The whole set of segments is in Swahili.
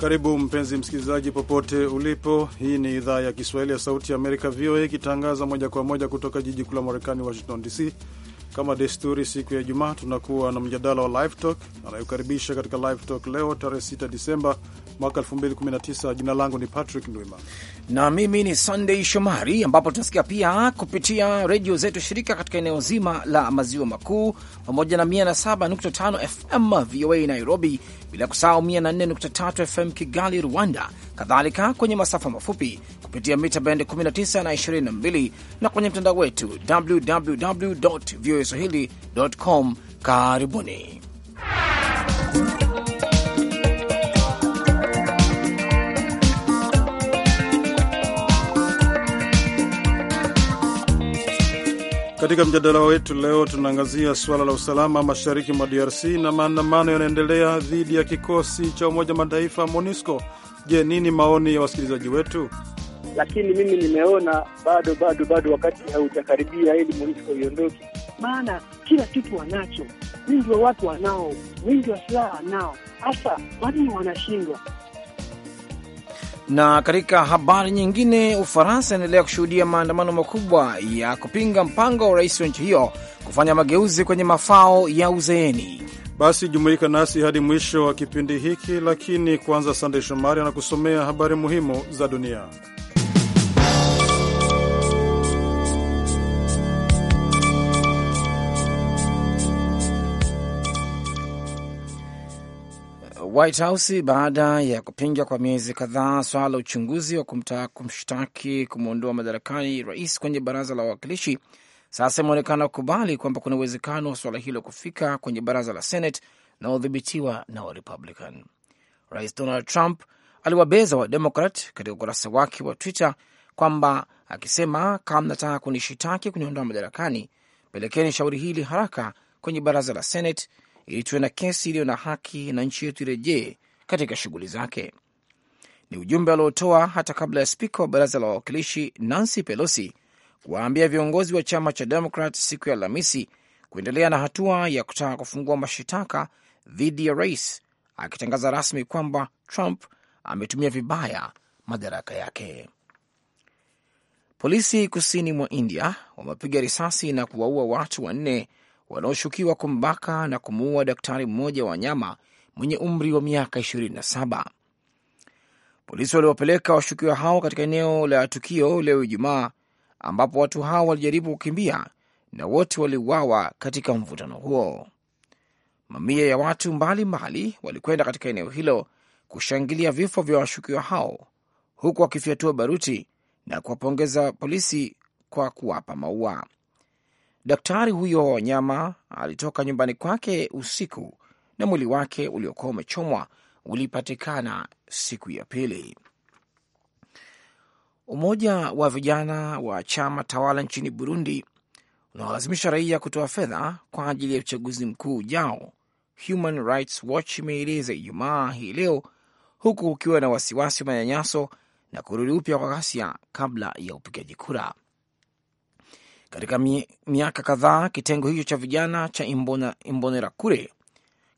Karibu mpenzi msikilizaji, popote ulipo. Hii ni idhaa ya Kiswahili ya Sauti ya Amerika, VOA, ikitangaza moja kwa moja kutoka jiji kuu la Marekani, Washington DC. Kama desturi, siku ya Ijumaa tunakuwa na mjadala wa livetok anayokaribisha katika livetok leo tarehe 6 Disemba mwaka 2019. Jina langu ni Patrick Ndwima na mimi ni Sunday Shomari, ambapo tunasikia pia kupitia redio zetu shirika katika eneo zima la maziwa makuu pamoja na 107.5 FM VOA Nairobi, bila kusahau 104.3 FM Kigali, Rwanda, kadhalika kwenye masafa mafupi kupitia mita bendi 19 na 22 na kwenye mtandao wetu www voa swahili com. Karibuni. Katika mjadala wetu leo tunaangazia suala la usalama mashariki mwa DRC na maandamano yanaendelea dhidi ya kikosi cha Umoja Mataifa MONUSCO. Je, nini maoni ya wasikilizaji wetu? Lakini mimi nimeona bado bado bado wakati haujakaribia ili MONUSCO iondoke, maana kila kitu wanacho, wingi wa watu wanao, wingi wa silaha wanao, hasa wani wanashindwa na katika habari nyingine, Ufaransa inaendelea kushuhudia maandamano makubwa ya kupinga mpango wa rais wa nchi hiyo kufanya mageuzi kwenye mafao ya uzeeni. Basi jumuika nasi hadi mwisho wa kipindi hiki, lakini kwanza, Sandey Shomari anakusomea habari muhimu za dunia. White House baada ya kupinga kwa miezi kadhaa swala la uchunguzi wa kumtaka kumshtaki kumwondoa madarakani rais kwenye baraza la wawakilishi, sasa imeonekana kukubali kwamba kuna uwezekano wa suala hilo kufika kwenye baraza la Senate linalodhibitiwa na Warepublican. Rais Donald Trump aliwabeza Wademokrat katika ukurasa wake wa Twitter kwamba akisema, kama mnataka kunishitaki kuniondoa madarakani, pelekeni shauri hili haraka kwenye baraza la Senate ili tuwe na kesi iliyo na haki na nchi yetu irejee katika shughuli zake. Ni ujumbe aliotoa hata kabla ya spika wa baraza la wawakilishi Nancy Pelosi kuwaambia viongozi wa chama cha Demokrat siku ya Alhamisi kuendelea na hatua ya kutaka kufungua mashitaka dhidi ya rais, akitangaza rasmi kwamba Trump ametumia vibaya madaraka yake. Polisi kusini mwa India wamepiga risasi na kuwaua watu wanne wanaoshukiwa kumbaka na kumuua daktari mmoja wa wanyama mwenye umri wa miaka 27. Polisi waliwapeleka washukiwa hao katika eneo la tukio leo Ijumaa, ambapo watu hao walijaribu kukimbia na wote waliuawa katika mvutano huo. Mamia ya watu mbalimbali walikwenda katika eneo hilo kushangilia vifo vya washukiwa hao huku wakifyatua baruti na kuwapongeza polisi kwa kuwapa maua. Daktari huyo wa wanyama alitoka nyumbani kwake usiku na mwili wake uliokuwa umechomwa ulipatikana siku ya pili. Umoja wa vijana wa chama tawala nchini Burundi unaolazimisha raia kutoa fedha kwa ajili ya uchaguzi mkuu ujao, Human Rights Watch imeeleza Ijumaa hii leo, huku ukiwa na wasiwasi wa manyanyaso na kurudi upya kwa ghasia kabla ya upigaji kura. Katika miaka kadhaa kitengo hicho cha vijana cha Imbona, kure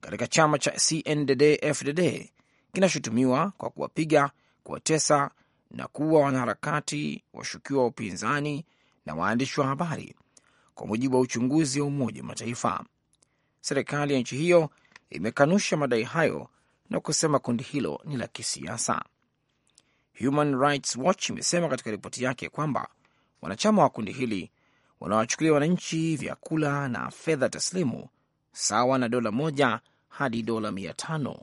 katika chama cha CNDD-FDD kinashutumiwa kwa kuwapiga, kuwatesa na kuwa wanaharakati washukiwa wa upinzani na waandishi wa habari, kwa mujibu wa uchunguzi wa Umoja wa Mataifa. Serikali ya nchi hiyo imekanusha madai hayo na kusema kundi hilo ni la kisiasa. Human Rights Watch imesema katika ripoti yake kwamba wanachama wa kundi hili wanawachukulia wananchi vyakula na fedha taslimu sawa na dola moja hadi dola mia tano.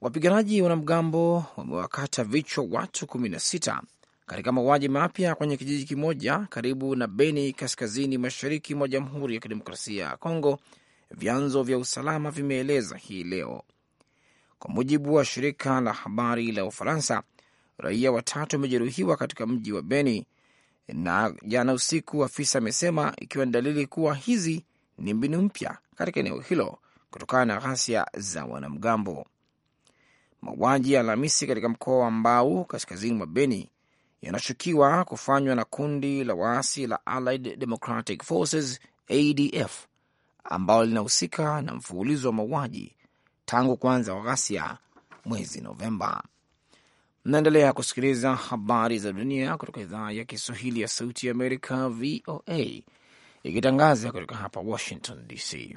Wapiganaji wanamgambo wamewakata vichwa watu sita katika mauaji mapya kwenye kijiji kimoja karibu na Beni, kaskazini mashariki mwa Jamhuri ya Kidemokrasia ya Kongo, vyanzo vya usalama vimeeleza hii leo, kwa mujibu wa shirika la habari la Ufaransa. Raia watatu wamejeruhiwa katika mji wa Beni na jana usiku afisa amesema ikiwa ni dalili kuwa hizi ni mbinu mpya katika eneo hilo kutokana na ghasia za wanamgambo. Mauaji ya Alhamisi katika mkoa wa Mbau kaskazini mwa Beni yanashukiwa kufanywa na kundi la waasi la Allied Democratic Forces ADF ambalo linahusika na mfululizo wa mauaji tangu kuanza wa ghasia mwezi Novemba. Mnaendelea kusikiliza habari za dunia kutoka idhaa ya Kiswahili ya Sauti ya Amerika, VOA, ikitangaza kutoka hapa Washington DC.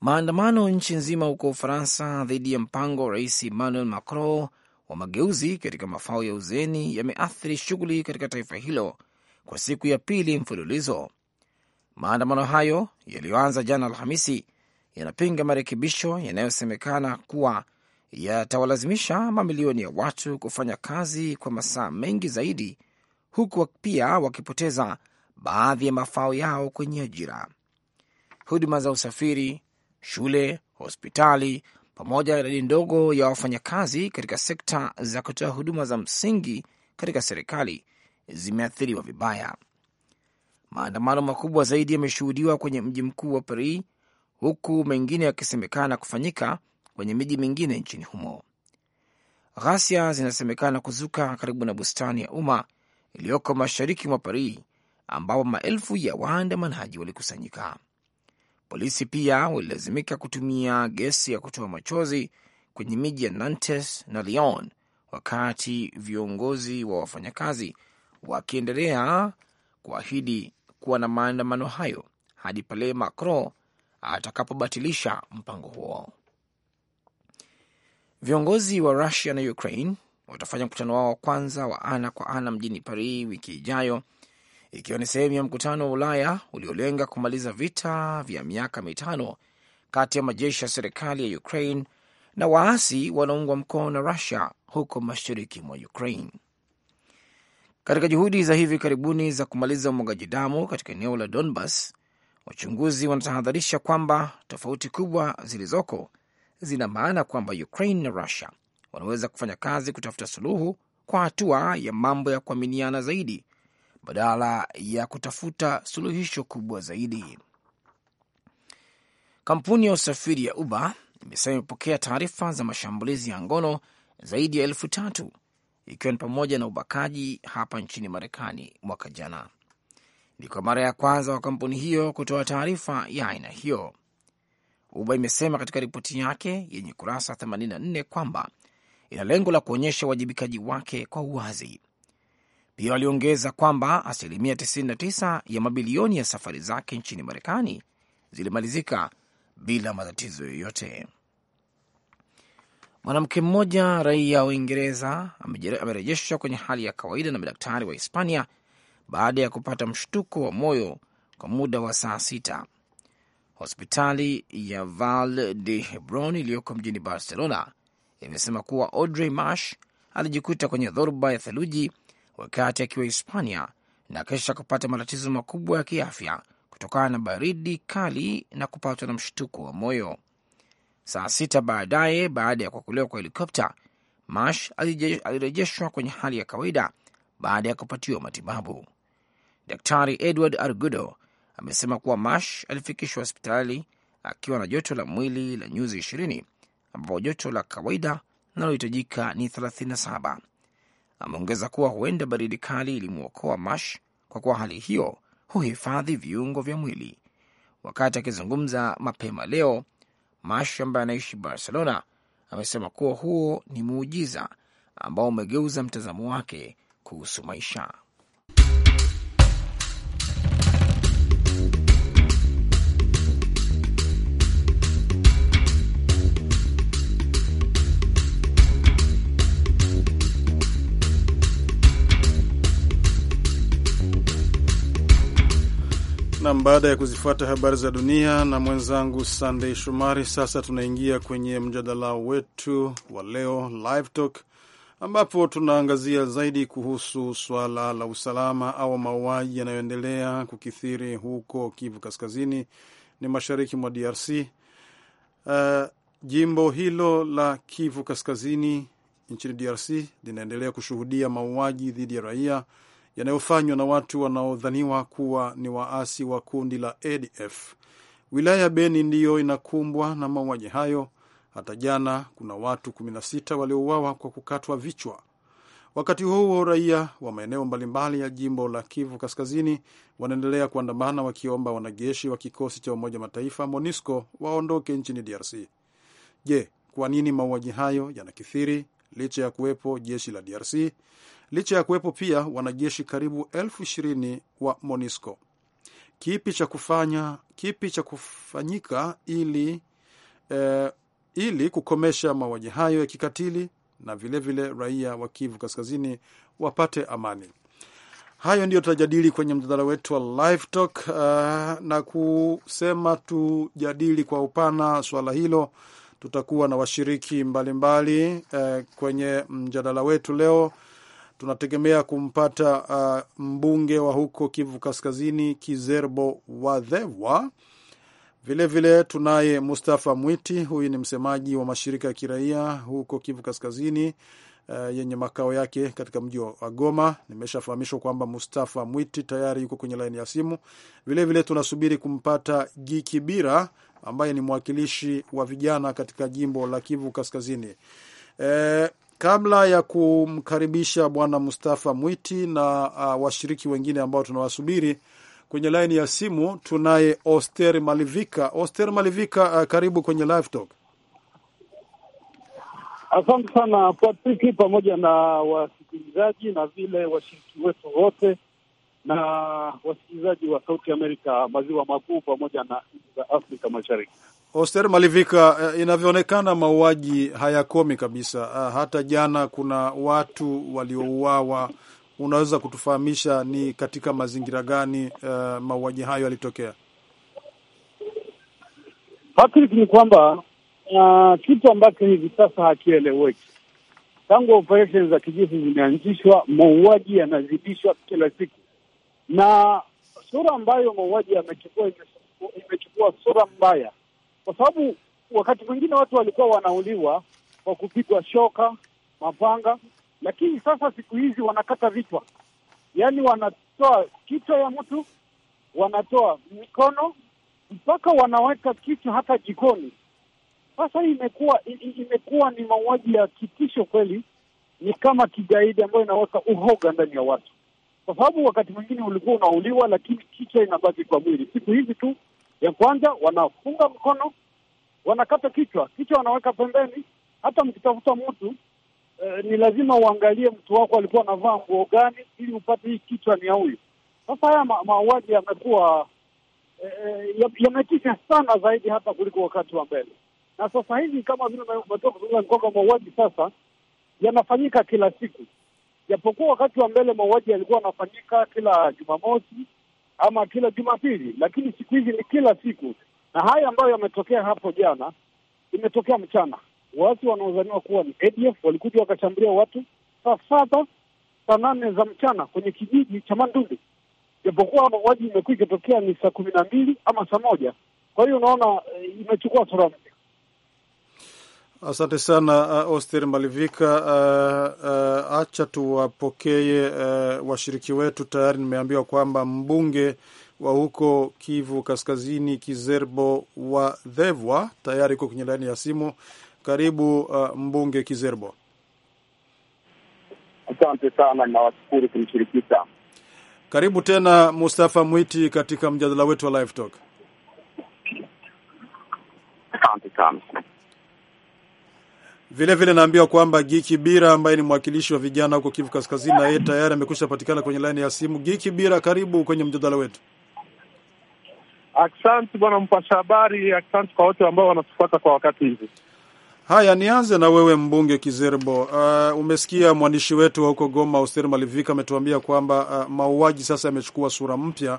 Maandamano nchi nzima huko Ufaransa dhidi ya mpango wa Rais Emmanuel Macron wa mageuzi katika mafao ya uzeni yameathiri shughuli katika taifa hilo kwa siku ya pili mfululizo. Maandamano hayo yaliyoanza jana Alhamisi yanapinga marekebisho yanayosemekana kuwa yatawalazimisha mamilioni ya watu kufanya kazi kwa masaa mengi zaidi, huku pia wakipoteza baadhi ya mafao yao kwenye ajira. Huduma za usafiri, shule, hospitali pamoja na idadi ndogo ya wafanyakazi katika sekta za kutoa huduma za msingi katika serikali zimeathiriwa vibaya. Maandamano makubwa zaidi yameshuhudiwa kwenye mji mkuu wa Paris, huku mengine yakisemekana kufanyika kwenye miji mingine nchini humo. Ghasia zinasemekana kuzuka karibu na bustani ya umma iliyoko mashariki mwa Paris, ambapo maelfu ya waandamanaji walikusanyika. Polisi pia walilazimika kutumia gesi ya kutoa machozi kwenye miji ya Nantes na Lyon, wakati viongozi wa wafanyakazi wakiendelea kuahidi kuwa na maandamano hayo hadi pale Macron atakapobatilisha mpango huo. Viongozi wa Rusia na Ukraine watafanya mkutano wao wa kwanza wa ana kwa ana mjini Paris wiki ijayo, ikiwa ni sehemu ya mkutano wa Ulaya uliolenga kumaliza vita vya miaka mitano kati ya majeshi ya serikali ya Ukraine na waasi wanaungwa mkono na Rusia huko mashariki mwa Ukraine. Katika juhudi za hivi karibuni za kumaliza umwagaji damu katika eneo la Donbas, wachunguzi wanatahadharisha kwamba tofauti kubwa zilizoko zina maana kwamba Ukraine na Russia wanaweza kufanya kazi kutafuta suluhu kwa hatua ya mambo ya kuaminiana zaidi badala ya kutafuta suluhisho kubwa zaidi. Kampuni ya usafiri ya Uber imesema imepokea taarifa za mashambulizi ya ngono zaidi ya elfu tatu ikiwa ni pamoja na ubakaji hapa nchini Marekani mwaka jana. Ni kwa mara ya kwanza kwa kampuni hiyo kutoa taarifa ya aina hiyo. Uba imesema katika ripoti yake yenye kurasa 84 kwamba ina lengo la kuonyesha uwajibikaji wake kwa uwazi. Pia waliongeza kwamba asilimia 99 ya mabilioni ya safari zake nchini Marekani zilimalizika bila matatizo yoyote. Mwanamke mmoja raia wa Uingereza amerejeshwa kwenye hali ya kawaida na madaktari wa Hispania baada ya kupata mshtuko wa moyo kwa muda wa saa sita Hospitali ya Val de Hebron iliyoko mjini Barcelona imesema kuwa Audrey Marsh alijikuta kwenye dhoruba ya theluji wakati akiwa Hispania na kisha kupata matatizo makubwa ya kiafya kutokana na baridi kali na kupatwa na mshtuko wa moyo. Saa sita baadaye, baada ya kuokolewa kwa helikopta, Marsh alirejeshwa kwenye hali ya kawaida baada ya kupatiwa matibabu. Daktari Edward Argudo amesema kuwa Mash alifikishwa hospitali akiwa na joto la mwili la nyuzi ishirini ambapo joto la kawaida linalohitajika ni 37. Ameongeza kuwa huenda baridi kali ilimwokoa Mash kwa kuwa hali hiyo huhifadhi viungo vya mwili. Wakati akizungumza mapema leo, Mash ambaye anaishi Barcelona amesema kuwa huo ni muujiza ambao umegeuza mtazamo wake kuhusu maisha. Nam, baada ya kuzifuata habari za dunia na mwenzangu Sandey Shomari, sasa tunaingia kwenye mjadala wetu wa leo Live Talk, ambapo tunaangazia zaidi kuhusu swala la usalama au mauaji yanayoendelea kukithiri huko Kivu Kaskazini ni mashariki mwa DRC. Uh, eh, jimbo hilo la Kivu Kaskazini nchini DRC linaendelea kushuhudia mauaji dhidi ya raia yanayofanywa na watu wanaodhaniwa kuwa ni waasi wa kundi la ADF. Wilaya ya Beni ndiyo inakumbwa na mauaji hayo. Hata jana kuna watu 16 waliouawa kwa kukatwa vichwa. Wakati huo huo, raia wa maeneo mbalimbali ya jimbo la Kivu Kaskazini wanaendelea kuandamana wakiomba wanajeshi wa kikosi cha Umoja Mataifa MONUSCO waondoke nchini DRC. Je, kwa nini mauaji hayo yanakithiri licha ya kuwepo jeshi la DRC? licha ya kuwepo pia wanajeshi karibu elfu ishirini wa MONUSCO. Kipi cha kufanya, kipi cha kufanyika ili, eh, ili kukomesha mauaji hayo ya kikatili na vilevile vile raia wa Kivu Kaskazini wapate amani? Hayo ndiyo tutajadili kwenye mjadala wetu wa Live Talk uh, na kusema tujadili kwa upana swala hilo. Tutakuwa na washiriki mbalimbali mbali, uh, eh, kwenye mjadala wetu leo tunategemea kumpata uh, mbunge wa huko Kivu Kaskazini Kizerbo Wadhewa. Vilevile tunaye Mustafa Mwiti, huyu ni msemaji wa mashirika ya kiraia huko Kivu Kaskazini uh, yenye makao yake katika mji wa Goma. Nimeshafahamishwa kwamba Mustafa Mwiti tayari yuko kwenye laini ya simu. Vilevile tunasubiri kumpata Gikibira ambaye ni mwakilishi wa vijana katika jimbo la Kivu Kaskazini. Eh, Kabla ya kumkaribisha Bwana Mustafa Mwiti na uh, washiriki wengine ambao tunawasubiri kwenye laini ya simu, tunaye Oster Malivika. Oster Malivika, uh, karibu kwenye Live Talk. Asante sana Patriki, pamoja na wasikilizaji na vile washiriki wetu wote na wasikilizaji wa Sauti Amerika maziwa makuu pamoja na nchi za Afrika Mashariki. Oster Malivika, eh, inavyoonekana mauaji hayakomi kabisa. Eh, hata jana kuna watu waliouawa. Unaweza kutufahamisha ni katika mazingira gani uh, mauaji hayo yalitokea? Patrick, ni kwamba uh, kitu ambacho hivi sasa hakieleweki tangu operesheni za kijeshi zimeanzishwa, mauaji yanazidishwa kila siku, na sura ambayo mauaji yamechukua imechukua sura mbaya kwa sababu wakati mwingine watu walikuwa wanauliwa kwa kupigwa shoka, mapanga, lakini sasa siku hizi wanakata vichwa, yaani wanatoa kichwa ya mtu, wanatoa mikono, mpaka wanaweka kichwa hata jikoni. Sasa imekuwa imekuwa ni mauaji ya kitisho kweli, ni kama kigaidi ambayo inaweka uhoga ndani ya watu, kwa sababu wakati mwingine ulikuwa unauliwa, lakini kichwa inabaki kwa mwili. Siku hizi tu ya kwanza wanafunga mkono, wanakata kichwa, kichwa wanaweka pembeni. Hata mkitafuta mtu eh, ni lazima uangalie mtu wako alikuwa anavaa nguo gani, ili upate hii kichwa ni ya huyu. Sasa haya mauaji yamekuwa eh, eh yametisha sana zaidi hata kuliko wakati wa mbele, na sasa hivi kama vile umetoka kuzungumza ni kwamba mauaji sasa yanafanyika kila siku, japokuwa wakati wa mbele mauaji yalikuwa yanafanyika kila Jumamosi ama kila Jumapili, lakini siku hizi ni kila siku, na haya ambayo yametokea hapo jana, imetokea mchana. Watu wanaozaniwa kuwa ni ADF walikuja wakashambulia watu saa saba saa nane za mchana kwenye kijiji cha Mandundu, japokuwa mauaji imekuwa ikitokea ni saa kumi na mbili ama saa moja. Kwa hiyo unaona, eh, imechukua sura Asante sana uh, Oster Malivika. Uh, uh, acha tuwapokee uh, washiriki wetu. Tayari nimeambiwa kwamba mbunge wa huko Kivu Kaskazini, Kizerbo wa Dhevwa, tayari uko kwenye laini ya simu. Karibu uh, mbunge Kizerbo. Asante sana, nawashukuru kunishirikisha. Karibu tena Mustafa Mwiti katika mjadala wetu wa Live Talk. Asante sana. Vilevile naambiwa kwamba Giki Bira ambaye ni mwakilishi wa vijana huko Kivu Kaskazini na yeye tayari amekwisha patikana kwenye laini ya simu. Giki Bira, karibu kwenye mjadala wetu. Asante bwana mpasha habari, asante kwa wote ambao wanatufuata kwa wakati hivi. Haya, nianze na wewe mbunge Kizerbo. Uh, umesikia mwandishi wetu wa huko Goma Oster Malivika ametuambia kwamba uh, mauaji sasa yamechukua sura mpya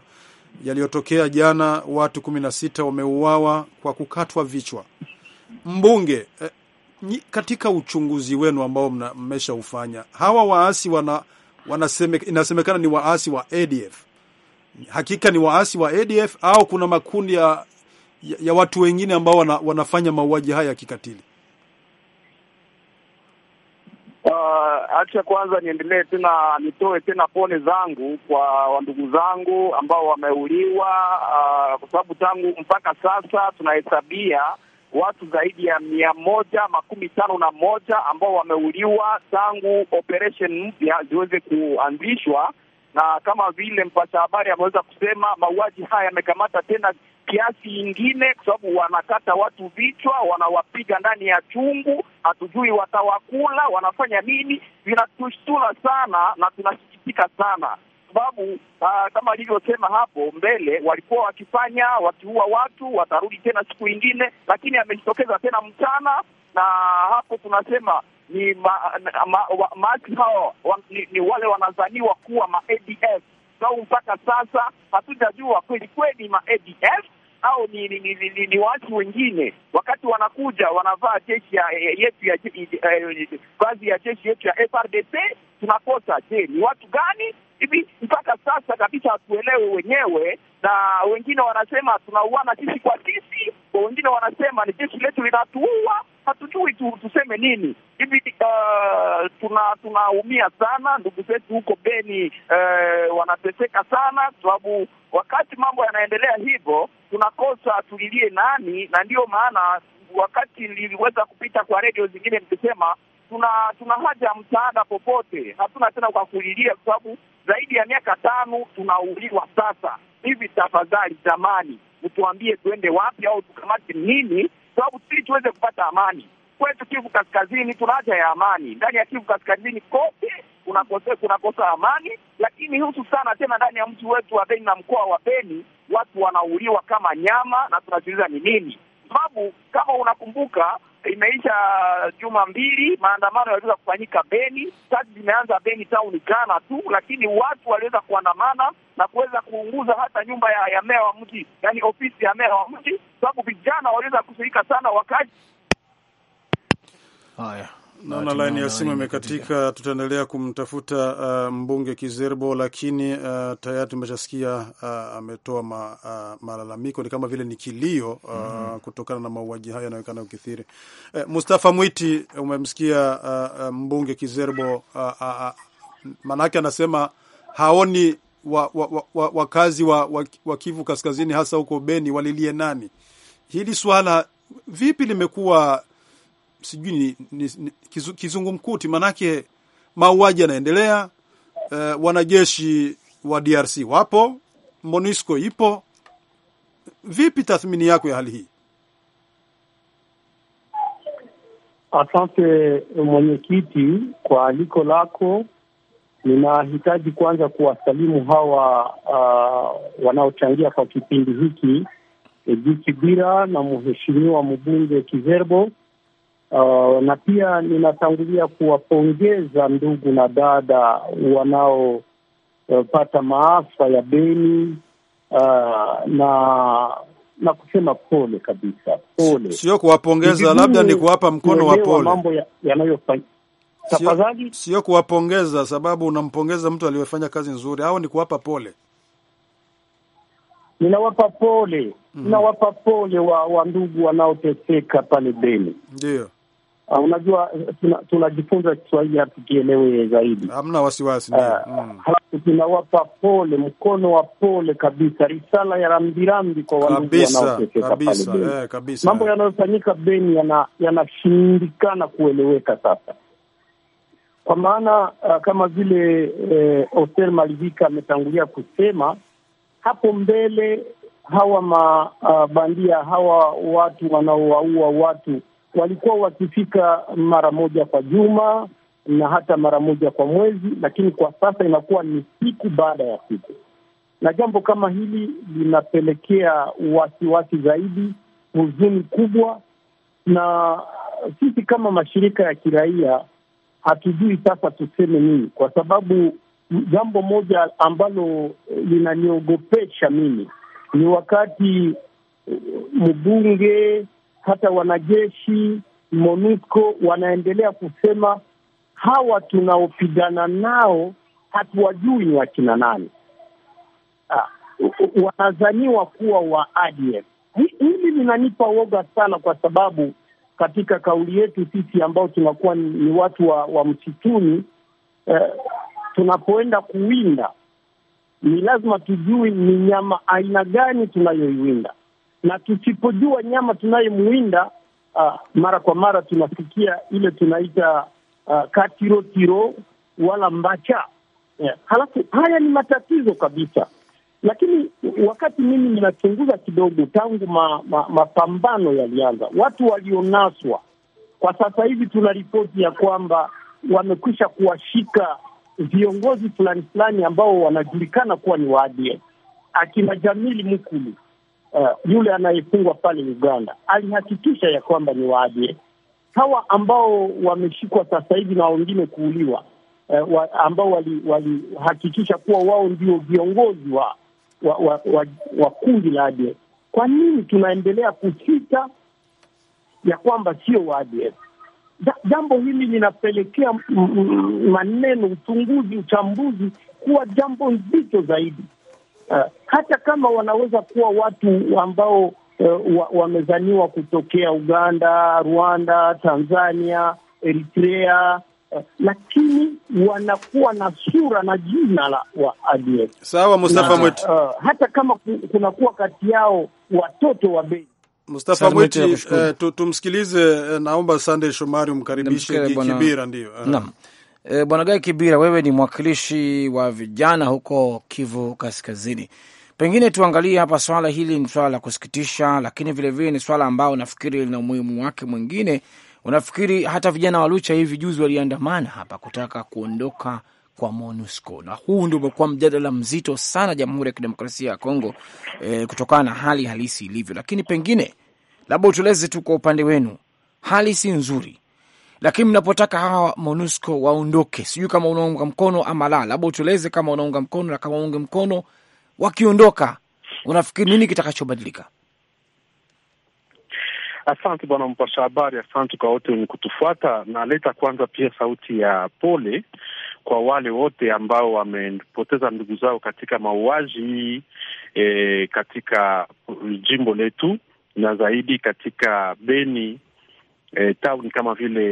yaliyotokea jana, watu kumi na sita wameuawa kwa kukatwa vichwa. Mbunge, uh, katika uchunguzi wenu ambao mmeshaufanya, hawa waasi wana, wanaseme, inasemekana ni waasi wa ADF, hakika ni waasi wa ADF au kuna makundi ya, ya watu wengine ambao wana, wanafanya mauaji haya ya kikatili? Uh, acha kwanza niendelee tena nitoe tena pone zangu kwa wandugu zangu ambao wameuliwa, uh, kwa sababu tangu mpaka sasa tunahesabia watu zaidi ya mia moja makumi tano na moja ambao wameuliwa tangu operation mpya ziweze kuanzishwa, na kama vile mpasha habari ameweza kusema, mauaji haya yamekamata tena kiasi ingine, kwa sababu wanakata watu vichwa, wanawapiga ndani ya chungu, hatujui watawakula, wanafanya nini. vinatushtula sana na tunasikitika sana sababu uh, kama alivyosema hapo mbele, walikuwa wakifanya wakiua watu, watarudi tena siku ingine, lakini amejitokeza tena mchana, na hapo tunasema ni maasi ma, ma, wa, ni, ni wale wanazaniwa kuwa ma ADF au mpaka sasa hatujajua kweli kweli ma ADF au ni, ni, ni, ni, ni watu wengine. Wakati wanakuja wanavaa jeshi yetu ya vazi ya jeshi yetu ya FRDC, tunakosa je, ni watu gani hivi mpaka sasa kabisa hatuelewe wenyewe, na wengine wanasema tunauana sisi kwa sisi, kwa wengine wanasema ni jeshi letu linatuua, hatujui tu, tuseme nini hivi. Uh, tuna tunaumia sana, ndugu zetu huko Beni uh, wanateseka sana, sababu wakati mambo yanaendelea hivyo tunakosa tulilie nani, na ndiyo maana wakati liliweza kupita kwa redio zingine nikisema tuna tuna haja ya msaada popote, hatuna tena kwa kulilia kwa sababu zaidi ya miaka tano tunauliwa sasa hivi. Tafadhali jamani, mtuambie tuende wapi au tukamate nini, sababu ili tuweze kupata amani kwetu Kivu Kaskazini. Tuna haja ya amani ndani ya Kivu Kaskazini kote kunakosa kunakosa amani, lakini husu sana tena ndani ya mji wetu wa Beni na mkoa wa Beni, watu wanauliwa kama nyama na tunajiuliza ni nini sababu. Kama unakumbuka imeisha juma mbili, maandamano yaliweza kufanyika Beni, sasa zimeanza Beni town jana tu, lakini watu waliweza kuandamana na kuweza kuunguza hata nyumba ya, ya meya wa mji, yani ofisi ya meya wa mji, sababu vijana waliweza kushirika sana wakati haya Naona laini ya simu imekatika, tutaendelea kumtafuta uh, mbunge Kizerbo, lakini uh, tayari tumeshasikia uh, ametoa ma, uh, malalamiko ni kama vile ni kilio uh, mm -hmm. kutokana na mauaji hayo yanaonekana ukithiri. Uh, eh, Mustafa Mwiti, umemsikia uh, uh, mbunge Kizerbo uh, uh, uh maanake anasema haoni wakazi wa, wa, wa, wa, wa, wa Kivu Kaskazini hasa huko Beni walilie nani hili swala vipi limekuwa sijui ni, ni, kizu, kizungumkuti manake mauaji yanaendelea. Uh, wanajeshi wa DRC wapo, MONUSCO ipo. Vipi tathmini yako ya hali hii? Asante mwenyekiti kwa aliko lako. Ninahitaji kwanza kuwasalimu hawa uh, wanaochangia kwa kipindi hiki Eji bira na mheshimiwa mbunge Kizerbo uh, na pia ninatangulia kuwapongeza ndugu na dada wanaopata uh, maafa ya Beni uh, na na kusema pole kabisa, pole. Sio kuwapongeza, labda ni kuwapa mkono wa pole. Mambo yanayofanyika tafadhali, sio kuwapongeza, sababu unampongeza mtu aliyefanya kazi nzuri, au ni kuwapa pole. Ninawapa pole, mm-hmm. ninawapa mm -hmm. pole wa, wa ndugu wanaoteseka pale Beni, ndio Uh, unajua tunajifunza tuna Kiswahili hatukielewe zaidi, hamna wasiwasi uh, mm. Halafu tunawapa pole, mkono wa pole kabisa, risala ya rambirambi kwa wananchi wanaoteseka pale Beni eh, kabisa. Mambo yanayofanyika Beni yanashindikana yana kueleweka sasa, kwa maana uh, kama vile eh, Oster Malivika ametangulia kusema hapo mbele, hawa mabandia uh, hawa watu wanaowaua watu walikuwa wakifika mara moja kwa juma na hata mara moja kwa mwezi, lakini kwa sasa inakuwa ni siku baada ya siku, na jambo kama hili linapelekea wasiwasi zaidi, huzuni kubwa, na sisi kama mashirika ya kiraia hatujui sasa tuseme nini, kwa sababu jambo moja ambalo linaniogopesha mimi ni wakati mbunge hata wanajeshi MONUSCO wanaendelea kusema hawa tunaopigana nao hatuwajui ni wakina nani, ah, wanazaniwa kuwa wa ADF. Hili linanipa woga sana, kwa sababu katika kauli yetu sisi ambao tunakuwa ni, ni watu wa, wa msituni eh, tunapoenda kuwinda ni lazima tujui ni nyama aina gani tunayoiwinda na tusipojua nyama tunayemuinda, uh, ah, mara kwa mara tunasikia ile tunaita uh, katirotiro wala mbacha yeah. Halafu haya ni matatizo kabisa, lakini wakati mimi ninachunguza kidogo, tangu ma, ma, mapambano yalianza, watu walionaswa kwa sasa hivi tuna ripoti ya kwamba wamekwisha kuwashika viongozi fulani fulani ambao wanajulikana kuwa ni wa ADF akina Jamili Mukulu uh, yule anayefungwa pale Uganda alihakikisha ya kwamba ni waje hawa ambao wameshikwa sasa hivi na wengine kuuliwa, uh, wa, ambao walihakikisha wali kuwa wao ndio viongozi wa, wa, wa, wa, wa kundi la ADF. Kwa nini tunaendelea kusita ya kwamba sio wa ADF? Jambo hili linapelekea maneno, uchunguzi, uchambuzi kuwa jambo nzito zaidi uh, hata kama wanaweza kuwa watu ambao uh, wamezaniwa kutokea Uganda, Rwanda, Tanzania, Eritrea eh, lakini wanakuwa na sura na jina la ADF. Sawa Mustafa Mwiti, uh, hata kama kunakuwa kati yao watoto wa bei. Mustafa Mwiti, uh, tumsikilize. Naomba Sande Shomari umkaribishe Kibira, ndio uh. E, Bwana Gai Kibira, wewe ni mwakilishi wa vijana huko Kivu Kaskazini, pengine tuangalie hapa swala hili. Ni swala la kusikitisha, lakini vilevile ni swala ambao nafikiri lina umuhimu wake mwingine. Unafikiri hata vijana wa Lucha hivi juzi waliandamana hapa kutaka kuondoka kwa MONUSCO na huu ndio umekuwa mjadala mzito sana Jamhuri ya Kidemokrasia ya Kongo e, kutokana na hali halisi ilivyo, lakini pengine labda utueleze tu kwa upande wenu, hali si nzuri lakini mnapotaka hawa MONUSCO waondoke, sijui kama unaunga mkono ama la, labda utueleze kama unaunga mkono na kama unge mkono, wakiondoka unafikiri nini kitakachobadilika? Asante bwana mpasha habari, asante kwa wote wenye kutufuata. Naleta kwanza pia sauti ya pole kwa wale wote ambao wamepoteza ndugu zao katika mauaji e, katika jimbo letu na zaidi katika Beni eh, town kama vile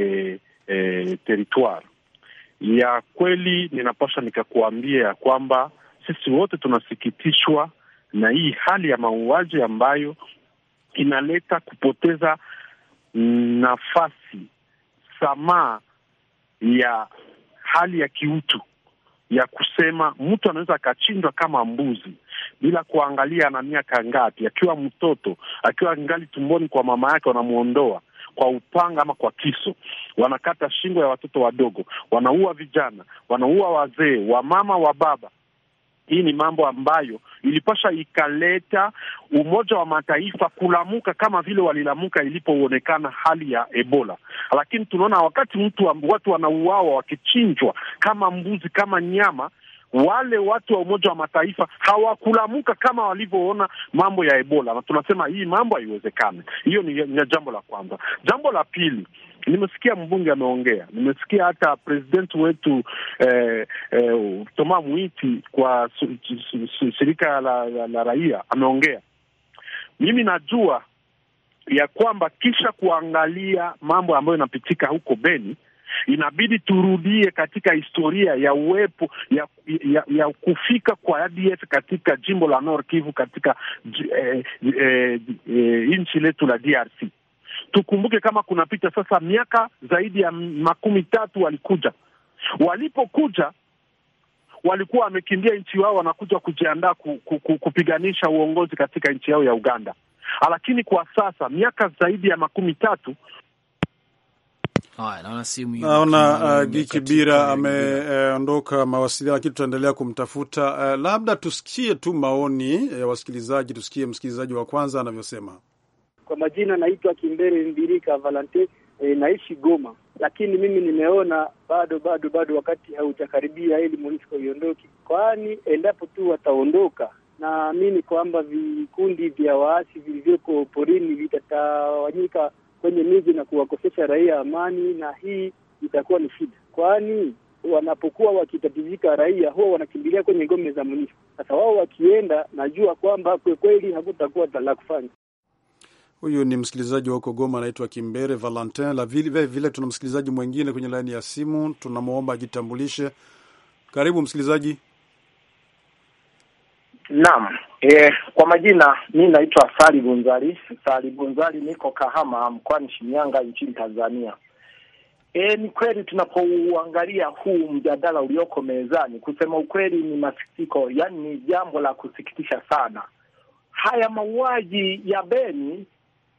eh, territoire ya kweli. Ninapasha nikakuambia ya kwamba sisi wote tunasikitishwa na hii hali ya mauaji ambayo inaleta kupoteza nafasi samaa ya hali ya kiutu ya kusema mtu anaweza akachinjwa kama mbuzi bila kuangalia ana miaka ngapi, akiwa mtoto, akiwa ngali tumboni kwa mama yake, wanamwondoa kwa upanga ama kwa kisu, wanakata shingo ya watoto wadogo, wanaua vijana, wanaua wazee, wamama, wa baba. Hii ni mambo ambayo ilipasha ikaleta Umoja wa Mataifa kulamuka kama vile walilamuka ilipoonekana hali ya Ebola, lakini tunaona wakati mtu watu wanauawa wakichinjwa kama mbuzi, kama nyama wale watu wa Umoja wa Mataifa hawakulamuka kama walivyoona mambo ya Ebola, na tunasema hii mambo haiwezekani. Hiyo ni, ni jambo la kwanza. Jambo la pili nimesikia mbunge ameongea, nimesikia hata president wetu eh, eh, Toma Mwiti kwa su, su, su, su, shirika la, la, la raia ameongea. Mimi najua ya kwamba kisha kuangalia mambo ambayo inapitika huko Beni inabidi turudie katika historia ya uwepo ya, ya, ya kufika kwa ADF katika jimbo la Nord Kivu katika eh, eh, eh, nchi letu la DRC. Tukumbuke kama kunapita sasa miaka zaidi ya makumi tatu, walikuja walipokuja walikuwa wamekimbia nchi wao wanakuja kujiandaa ku, ku, ku, kupiganisha uongozi katika nchi yao ya Uganda. Lakini kwa sasa miaka zaidi ya makumi tatu Naona giki uh, bira ameondoka mawasiliano, lakini tutaendelea kumtafuta. Uh, labda tusikie tu maoni ya wasikilizaji. Tusikie msikilizaji wa kwanza anavyosema. Kwa majina naitwa Kimbere Mbirika Valante. E, naishi Goma, lakini mimi nimeona bado bado bado wakati haujakaribia ili MONUSCO iondoke, kwani endapo tu wataondoka, naamini kwamba vikundi vya waasi vilivyoko porini vitatawanyika kwenye miji na kuwakosesha raia amani, na hii itakuwa ni shida, kwani wanapokuwa wakitatizika raia huwa wanakimbilia kwenye ngome za MONUSCO. Sasa wao wakienda, najua kwamba kweli hakutakuwa la kufanya. Huyu ni msikilizaji wa huko Goma, anaitwa Kimbere Valentin la vile vile. Tuna msikilizaji mwengine kwenye laini ya simu, tunamwomba ajitambulishe. Karibu msikilizaji. Naam, eh, kwa majina mi naitwa Sali Bunzali. Sali Bunzali, niko Kahama mkoani Shinyanga nchini Tanzania. E, ni kweli tunapouangalia huu mjadala ulioko mezani, kusema ukweli ni masikitiko, yaani ni jambo la kusikitisha sana. Haya mauaji ya Beni,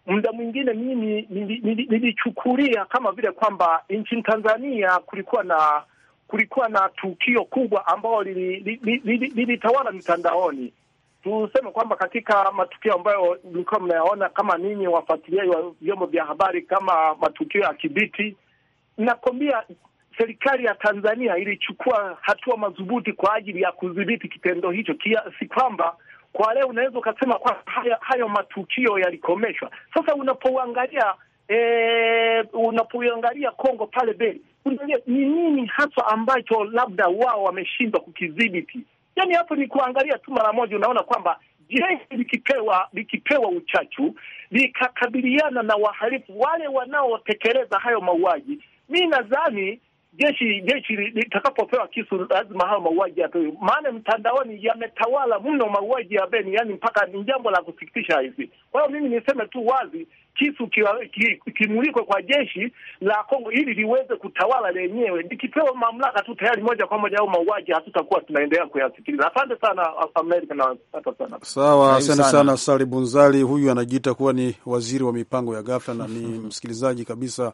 muda mwingine mimi nilichukulia kama vile kwamba nchini Tanzania kulikuwa na kulikuwa na tukio kubwa ambao lilitawala mitandaoni. Tuseme kwamba katika matukio ambayo mlikuwa mnayaona kama ninyi wafuatiliaji wa vyombo vya habari, kama matukio ya Kibiti, nakwambia serikali ya Tanzania ilichukua hatua madhubuti kwa ajili ya kudhibiti kitendo hicho, kiasi kwamba kwa leo unaweza ukasema kwa hayo, hayo matukio yalikomeshwa. Sasa unapouangalia e, unapoiangalia Kongo pale beni unaangalia ni nini haswa ambacho labda wao wameshindwa kukidhibiti. Yani hapo ni kuangalia tu mara moja, unaona kwamba jeshi likipewa likipewa uchachu likakabiliana na wahalifu wale wanaotekeleza hayo mauaji, mi nadhani jeshi jeshi litakapopewa kisu lazima hayo mauaji yapewe, maana mtandaoni yametawala mno mauaji ya Beni, yani mpaka ni jambo la kusikitisha hivi. Kwa hiyo mimi niseme tu wazi, kisu kimulikwe kwa jeshi la Kongo ili liweze kutawala lenyewe. Nikipewa mamlaka tu tayari moja kwa moja au mauaji hatutakuwa tunaendelea kuyasikiliza. Asante sana Amerika na asante sana sawa, asante sana Sali Bunzali. Huyu anajiita kuwa ni waziri wa mipango ya ghafla na ni msikilizaji kabisa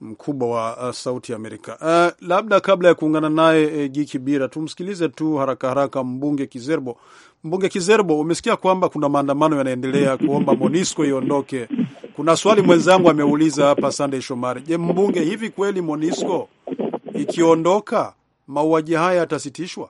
mkubwa wa uh, Sauti ya Amerika. Uh, labda kabla ya kuungana naye uh, Jiki Bira, tumsikilize tu haraka haraka mbunge Kizerbo Mbunge Kizerbo, umesikia kwamba kuna maandamano yanaendelea kuomba Monisco iondoke. Kuna swali mwenzangu ameuliza hapa, sandey Shomari. Je, mbunge, hivi kweli Monisco ikiondoka mauaji haya yatasitishwa?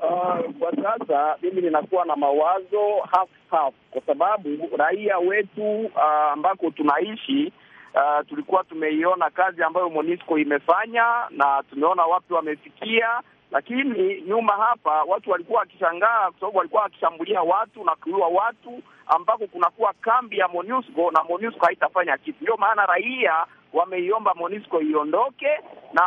Uh, kwa sasa mimi ninakuwa na mawazo half half, kwa sababu raia wetu ah, ambako tunaishi uh, tulikuwa tumeiona kazi ambayo Monisco imefanya na tumeona wapi wamefikia lakini nyuma hapa watu walikuwa wakishangaa kwa sababu walikuwa wakishambulia watu na kuua watu, ambako kunakuwa kambi ya MONUSCO na MONUSCO haitafanya kitu. Ndio maana raia wameiomba MONUSCO iondoke na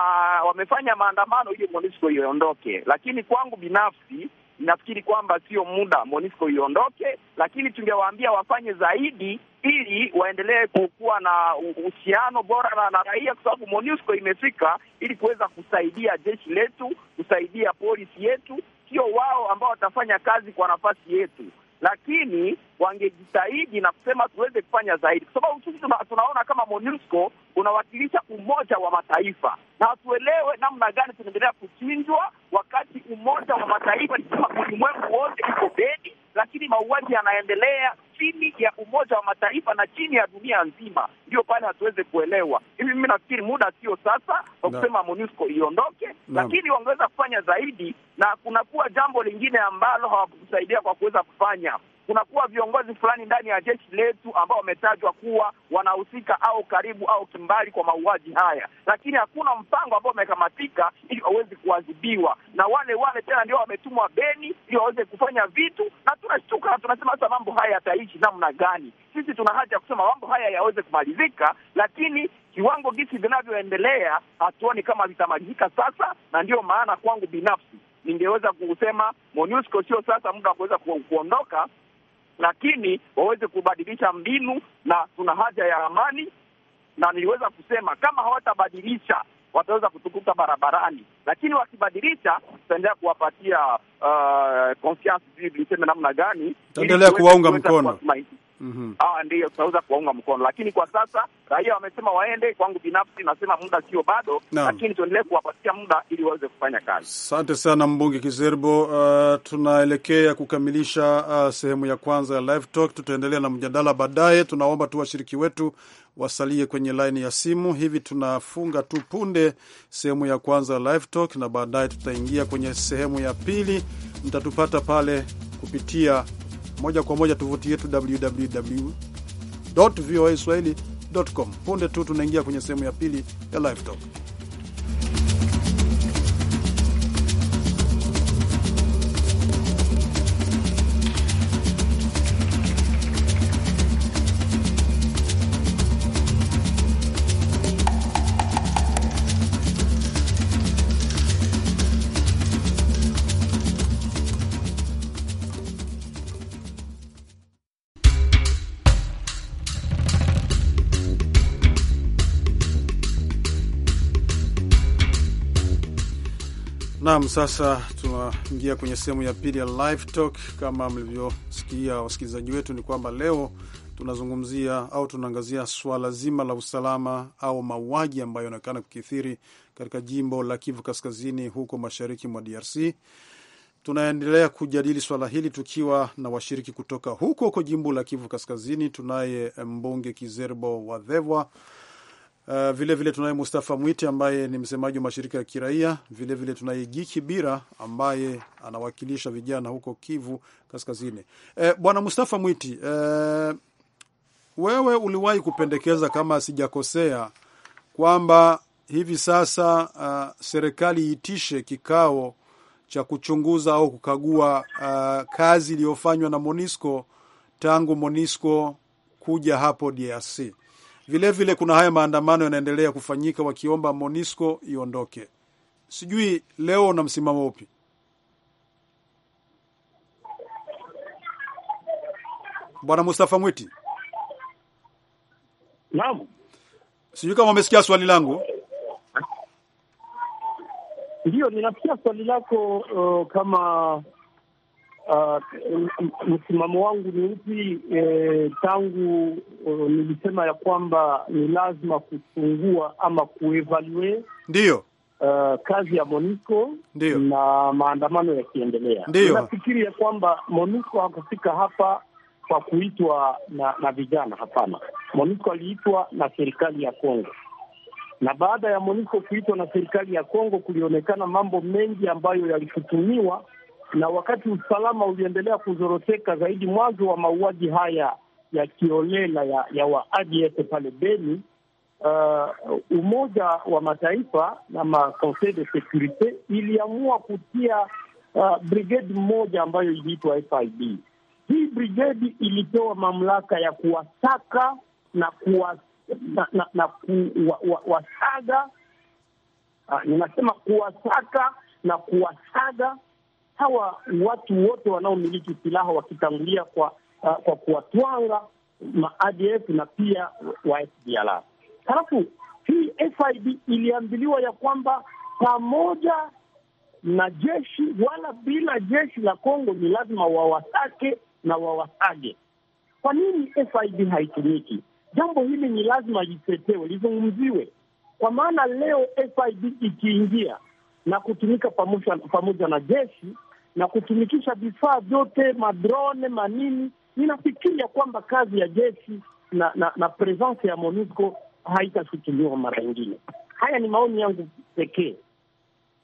wamefanya maandamano ili MONUSCO iondoke. Lakini kwangu binafsi nafikiri kwamba sio muda MONUSCO iondoke, lakini tungewaambia wafanye zaidi ili waendelee kuwa na uhusiano bora na, na raia, kwa sababu MONUSCO imefika ili kuweza kusaidia jeshi letu, kusaidia polisi yetu, sio wao ambao watafanya kazi kwa nafasi yetu lakini wangejitahidi na kusema tuweze kufanya zaidi, kwa sababu sisi tunaona kama MONUSCO unawakilisha Umoja wa Mataifa na tuelewe namna gani tunaendelea kuchinjwa, wakati Umoja wa Mataifa ni kama ulimwengu wote iko bedi lakini mauaji yanaendelea chini ya Umoja wa Mataifa na chini ya dunia nzima. Ndio pale hatuweze kuelewa hivi. Mimi nafikiri muda sio sasa kwa kusema MONUSCO iondoke, lakini wangeweza kufanya zaidi, na kunakuwa jambo lingine ambalo hawakusaidia kwa kuweza kufanya kunakuwa viongozi fulani ndani ya jeshi letu ambao wametajwa kuwa wanahusika au karibu au kimbali kwa mauaji haya, lakini hakuna mpango ambao umekamatika ili waweze kuadhibiwa, na wale wale tena ndio wametumwa Beni ili waweze kufanya vitu, na tunashtuka na tunasema hata mambo haya yataishi namna gani? Sisi tuna haja ya kusema mambo haya yaweze kumalizika, lakini kiwango gisi vinavyoendelea hatuoni kama vitamalizika sasa, na ndiyo maana kwangu binafsi ningeweza kusema MONUSCO sio sasa muda wa kuweza kuondoka, lakini waweze kubadilisha mbinu, na tuna haja ya amani. Na niliweza kusema kama hawatabadilisha wataweza kutukuta barabarani, lakini wakibadilisha, tutaendelea kuwapatia uh, confiance, niseme namna gani, tutaendelea kuwaunga mkono mm -hmm. Ah, Ndiyo tunaweza kuwaunga mkono, lakini kwa sasa raia wamesema waende. Kwangu binafsi nasema muda sio bado no. Lakini tuendelee kuwapatia muda ili waweze kufanya kazi. Asante sana mbunge Kizerbo. Uh, tunaelekea kukamilisha uh, sehemu ya kwanza ya live talk. Tutaendelea na mjadala baadaye. Tunaomba tu washiriki wetu wasalie kwenye laini ya simu. Hivi tunafunga tu punde sehemu ya kwanza ya live talk, na baadaye tutaingia kwenye sehemu ya pili. Mtatupata pale kupitia moja kwa moja tovuti yetu www voa swahili com. Punde tu tunaingia kwenye sehemu ya pili ya Live Talk. Naam, sasa tunaingia kwenye sehemu ya pili ya live talk. Kama mlivyosikia wasikilizaji wetu, ni kwamba leo tunazungumzia au tunaangazia swala zima la usalama au mauaji ambayo yanaonekana kukithiri katika jimbo la Kivu Kaskazini, huko mashariki mwa DRC. Tunaendelea kujadili swala hili tukiwa na washiriki kutoka huko huko jimbo la Kivu Kaskazini. Tunaye mbunge Kizerbo Wadhevwa Uh, vile tunaye Mustafa Mwiti ambaye ni msemaji wa mashirika ya kiraia. vilevile vile tunaye Giki Bira ambaye anawakilisha vijana huko Kivu Kaskazini. Eh, Bwana Mustafa Mwiti, eh, wewe uliwahi kupendekeza kama sijakosea kwamba hivi sasa uh, serikali iitishe kikao cha kuchunguza au kukagua uh, kazi iliyofanywa na Monisco tangu Monisco kuja hapo DRC. Vilevile vile kuna haya maandamano yanaendelea kufanyika wakiomba Monisco iondoke. Sijui leo na msimamo upi? Bwana Mustafa Mwiti. Naam. Sijui kama umesikia swali langu. Ndio, ninasikia swali lako uh, kama Uh, msimamo wangu ni upi? E, tangu uh, nilisema ya kwamba ni lazima kufungua ama kuevalue ndio uh, kazi ya Monusco ndio, na maandamano yakiendelea, ndio nafikiri ya kwamba Monusco hakufika hapa kwa kuitwa na, na vijana. Hapana, Monusco aliitwa na serikali ya Kongo na baada ya Monusco kuitwa na serikali ya Kongo kulionekana mambo mengi ambayo yalishutumiwa na wakati usalama uliendelea kuzoroteka zaidi mwanzo wa mauaji haya ya kiolela ya, ya wa ADF pale Beni, uh, Umoja wa Mataifa na Conseil de Securite iliamua kutia uh, brigade mmoja ambayo iliitwa FIB. Hii brigade ilipewa mamlaka ya kuwasaka na kuwa, na, na, na wa, uh, ninasema kuwasaka na kuwasaga hawa watu wote wanaomiliki silaha wakitangulia kwa uh, kwa kuwatwanga maADF na pia wa FDLR. Halafu hii FIB iliambiliwa ya kwamba pamoja na jeshi wala bila jeshi la Kongo ni lazima wawasake na wawasage. Kwa nini FIB haitumiki? Jambo hili ni lazima litetewe lizungumziwe, kwa maana leo FIB ikiingia na kutumika pamoja, pamoja na jeshi na kutumikisha vifaa vyote, madrone manini. Ninafikiria kwamba kazi ya jeshi na na, na presence ya MONUSCO haitashutuliwa mara nyingine. Haya ni maoni yangu pekee,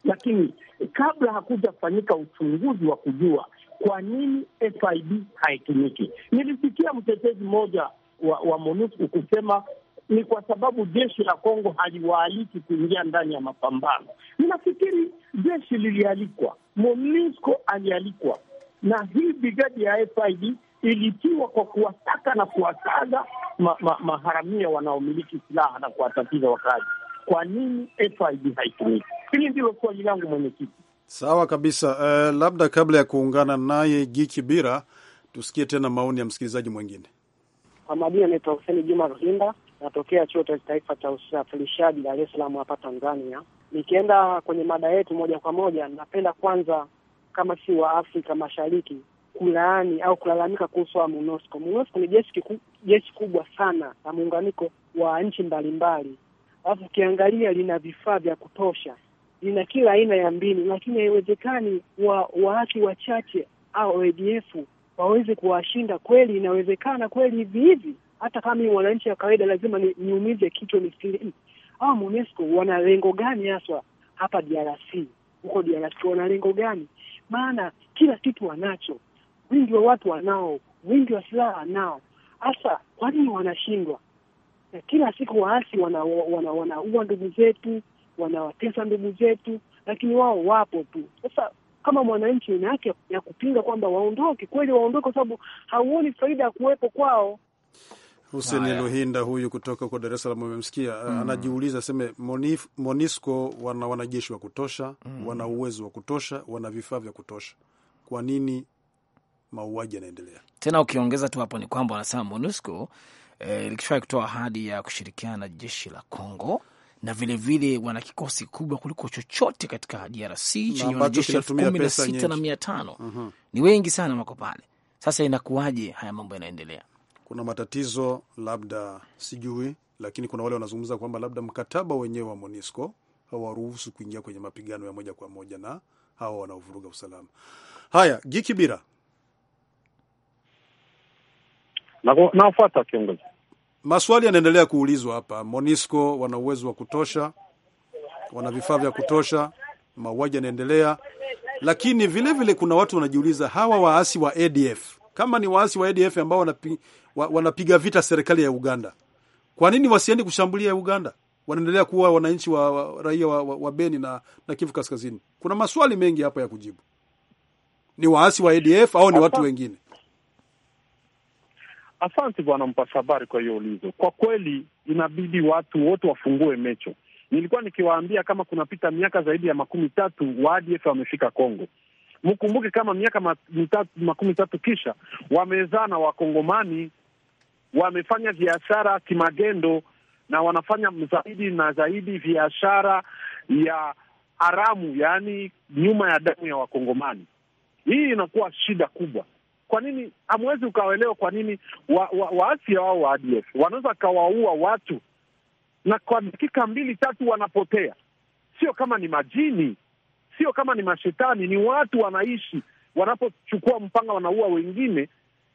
lakini kabla hakuja fanyika uchunguzi wa kujua kwa nini FIB haitumiki. Nilisikia mtetezi mmoja wa, wa MONUSCO kusema ni kwa sababu jeshi la Kongo haliwaaliki kuingia ndani ya mapambano. Ninafikiri jeshi lilialikwa, MONUSCO alialikwa, na hii brigadi ya FID ilitiwa kwa kuwataka na kuwataga ma, ma, maharamia wanaomiliki silaha na kuwatatiza wakazi. Kwa nini FID haitumiki? Hili ndilo swali langu, mwenyekiti. Sawa kabisa. Uh, labda kabla ya kuungana naye Gikibira, tusikie tena maoni ya msikilizaji mwingine. Kwa majina naitwa Hussein Juma Ruhinda, natokea chuo cha taifa cha usafirishaji Dar es Salaam hapa Tanzania. Nikienda kwenye mada yetu moja kwa moja, napenda kwanza kama si wa Afrika Mashariki kulaani au kulalamika kuhusu wa MONUSCO. MONUSCO ni jeshi ku, jeshi kubwa sana na muunganiko wa nchi mbalimbali, alafu ukiangalia lina vifaa vya kutosha, lina kila aina ya mbinu, lakini haiwezekani wa waasi wachache au ADF waweze kuwashinda kweli. Inawezekana kweli hivi hivi, hata kama hii mwananchi wa kawaida lazima ni, niumize kichwa nifikirie hmm, hawa MONUSCO wana lengo gani haswa hapa DRC, huko DRC wana lengo gani? Maana kila kitu wanacho, wingi wa watu wanao, wingi wa silaha wanao, hasa kwa nini wanashindwa? Na kila siku waasi wanaua wana, wana ndugu zetu, wanawatesa ndugu zetu, lakini wao wapo tu. Sasa kama mwananchi una haki ya kupinga kwamba waondoke, kweli waondoke, kwa sababu hauoni faida ya kuwepo kwao. huseni Luhinda huyu kutoka huko Dar es Salaam amemsikia, uh, mm. Anajiuliza aseme Monisco wana wanajeshi wa kutosha, mm. wana uwezo wa kutosha, wana vifaa vya kutosha, kwa nini mauaji yanaendelea? Tena ukiongeza tu hapo ni kwamba wanasema Monusco eh, likishawahi kutoa ahadi ya kushirikiana na jeshi la Congo na vilevile wana kikosi kubwa kuliko chochote katika DRC chenye wanajeshi elfu kumi na sita na mia tano mhm. Ni wengi sana wako pale. Sasa inakuwaje haya mambo yanaendelea? Kuna matatizo labda sijui, lakini kuna wale wanazungumza kwamba labda mkataba wenyewe wa MONUSCO hawaruhusu kuingia kwenye mapigano ya moja kwa moja na hawa wanaovuruga usalama. Haya, Gikibira nafuata kiongozi maswali yanaendelea kuulizwa hapa. Monisco wana uwezo wa kutosha, wana vifaa vya kutosha, mauaji yanaendelea, lakini vilevile vile kuna watu wanajiuliza hawa waasi wa ADF kama ni waasi wa ADF ambao wanapi, wa, wanapiga vita serikali ya Uganda, kwa nini wasiendi kushambulia Uganda? Wanaendelea kuwa wananchi wa, wa raia wa, wa, wa Beni na, na Kivu Kaskazini. Kuna maswali mengi hapa ya kujibu, ni waasi wa ADF au ni watu wengine? Asante bwana mpasha habari kwa hiyo ulizo. Kwa kweli inabidi watu wote wafungue mecho Nilikuwa nikiwaambia kama kunapita miaka zaidi ya makumi tatu wa ADF wamefika Kongo. Mkumbuke kama miaka mitatu, makumi tatu kisha wamezaa na Wakongomani, wamefanya biashara kimagendo na wanafanya zaidi na zaidi biashara ya haramu, yaani nyuma ya damu ya Wakongomani. Hii inakuwa shida kubwa kwa nini hamwezi ukawelewa Kwa nini waasi wa, wa wao wa ADF wanaweza kawaua watu na kwa dakika mbili tatu wanapotea? Sio kama ni majini, sio kama ni mashetani, ni watu wanaishi. Wanapochukua mpanga wanaua wengine,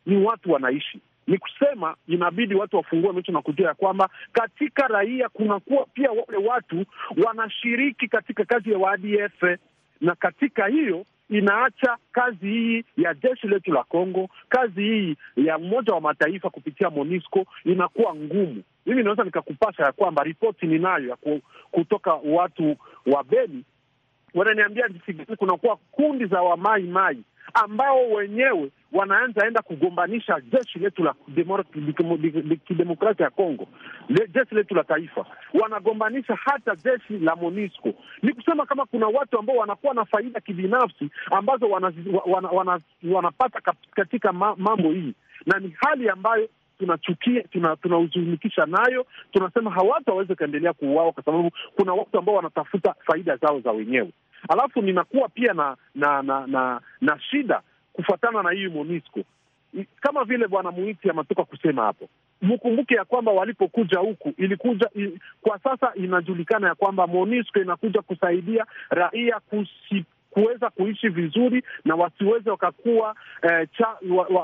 ni watu wanaishi. Ni kusema inabidi watu wafungue macho na kujua ya kwamba katika raia kunakuwa pia wale watu wanashiriki katika kazi ya wa ADF, na katika hiyo inaacha kazi hii ya jeshi letu la Kongo, kazi hii ya Umoja wa Mataifa kupitia MONUSCO inakuwa ngumu. Mimi naweza nikakupasha ya kwamba ripoti ninayo ya kutoka watu wa Beni wananiambia kuna kunakuwa kundi za wamaimai ambao wenyewe wanaanza enda kugombanisha jeshi letu la kidemokrasia ya Kongo, jeshi letu la taifa, wanagombanisha hata jeshi la MONUSCO. Ni kusema kama kuna watu ambao wanakuwa na faida kibinafsi ambazo wanapata wana, wana, wana katika mambo hii, na ni hali ambayo tunachukia tunahuzunikisha, tuna nayo tunasema hawatu waweze kuendelea kuuawa, kwa sababu kuna watu ambao wanatafuta faida zao za wenyewe alafu ninakuwa pia na na na, na, na shida kufuatana na hii MONUSCO kama vile bwana Muiti ametoka kusema hapo. Mkumbuke ya kwamba walipokuja huku ilikuja il, kwa sasa inajulikana ya kwamba MONUSCO inakuja kusaidia raia kusi kuweza kuishi vizuri na wasiweze wakakuwa eh, cha,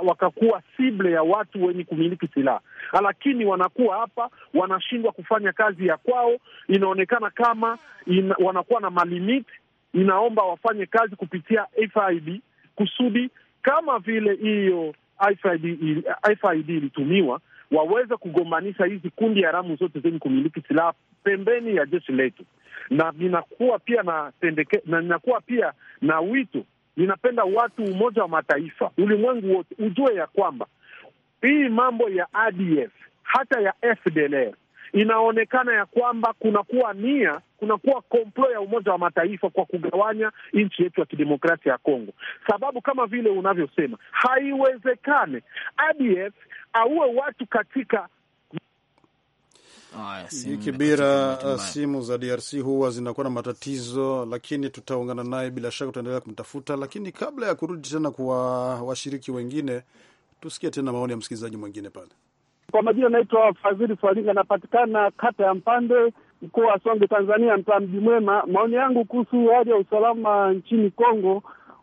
wakakuwa sible ya watu wenye kumiliki silaha, lakini wanakuwa hapa wanashindwa kufanya kazi ya kwao. Inaonekana kama ina, wanakuwa na malimiti inaomba wafanye kazi kupitia FIB kusudi kama vile hiyo FID ilitumiwa waweze kugombanisha hizi kundi haramu zote zenye kumiliki silaha pembeni ya jeshi letu, na ninakuwa pia na tendeke, na ninakuwa pia na wito, ninapenda watu Umoja wa Mataifa, ulimwengu wote ujue ya kwamba hii mambo ya ADF hata ya FDLR inaonekana ya kwamba kunakuwa nia, kunakuwa komplo ya Umoja wa Mataifa kwa kugawanya nchi yetu ya kidemokrasia ya Kongo, sababu kama vile unavyosema, haiwezekane ADF auwe watu katika Kibira. Simu za DRC huwa zinakuwa na matatizo, lakini tutaungana naye bila shaka, tutaendelea kumtafuta. Lakini kabla ya kurudi tena kwa washiriki wengine, tusikie tena maoni ya msikilizaji mwingine pale. Kwa majina naitwa Fadhili Swalinga, napatikana kata ya Mpande, mkoa wa songe Tanzania, mtaa Mji Mwema. Maoni yangu kuhusu hali ya usalama nchini Kongo,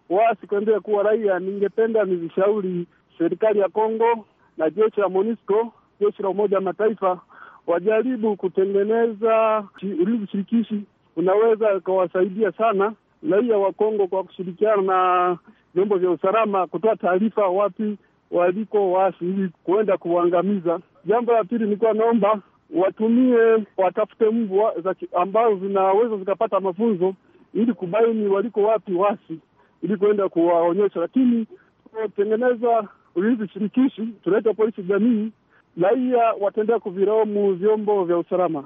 waasi kuendelea kuwa raia, ningependa nizishauri serikali ya Kongo na jeshi la MONUSCO, jeshi la Umoja wa Mataifa wajaribu kutengeneza ulinzi shirikishi, unaweza ukawasaidia sana raia wa Kongo kwa kushirikiana na vyombo vya usalama kutoa taarifa wapi waliko wasi ili kuenda kuangamiza. Jambo la pili, nilikuwa naomba watumie watafute mbwa ambazo zinaweza zikapata mafunzo ili kubaini waliko wapi wasi ili kuenda kuwaonyesha, lakini tunatengeneza ulinzi shirikishi, tunaita polisi jamii, raia watendea kuvilaumu vyombo vya usalama.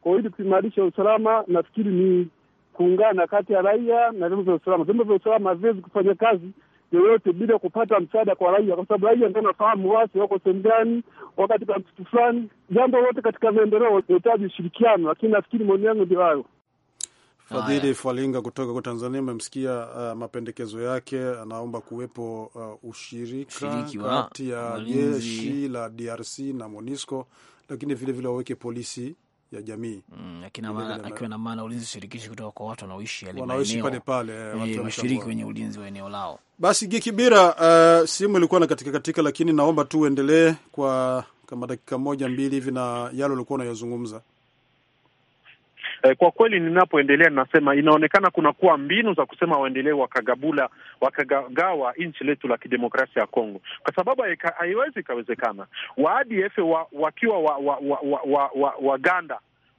Kwa ili kuimarisha usalama, nafikiri ni kuungana kati ya raia na vyombo vya usalama. Vyombo vya usalama haviwezi kufanya kazi yoyote bila kupata msaada kwa raia, kwa sababu raia ndio anafahamu wasi wako sehemu gani, wako katika msitu fulani. Jambo lote katika maendeleo inahitaji ushirikiano, lakini nafikiri maoni yangu ndio hayo. Fadhili Fwalinga kutoka kwa Tanzania, amemsikia uh, mapendekezo yake. Anaomba kuwepo uh, ushirika kati ya jeshi la DRC na MONUSCO, lakini vilevile waweke polisi ya jamii mm, akiwa na maana ulinzi shirikishi kutoka kwa watu wanaoishi yale wanaoishi pale pale eh, washiriki wenye ulinzi wa eneo lao. Basi Gikibira, uh, eh, simu ilikuwa na katika katika, lakini naomba tu uendelee kwa kama dakika moja mbili hivi na yale ulikuwa unayozungumza. Eh, kwa kweli ninapoendelea ninasema inaonekana kuna kuwa mbinu za kusema waendelee wakagabula wakagawa nchi letu la kidemokrasia ya Kongo, kwa sababu haiwezi ikawezekana waadf wa, wakiwa waganda wa, wa, wa,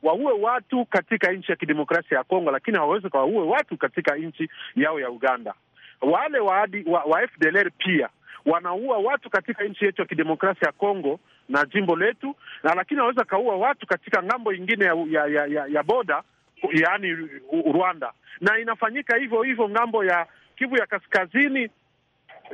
wa, wa waue watu katika nchi ya kidemokrasia ya Kongo, lakini hawawezi kawaue watu katika nchi yao ya Uganda. Wale wa, wa, wa FDLR pia wanaua watu katika nchi yetu ya kidemokrasia ya Kongo na jimbo letu na, lakini wanaweza kaua watu katika ng'ambo ingine ya, ya, ya, ya, ya boda yaani Rwanda, na inafanyika hivyo hivyo ng'ambo ya Kivu ya kaskazini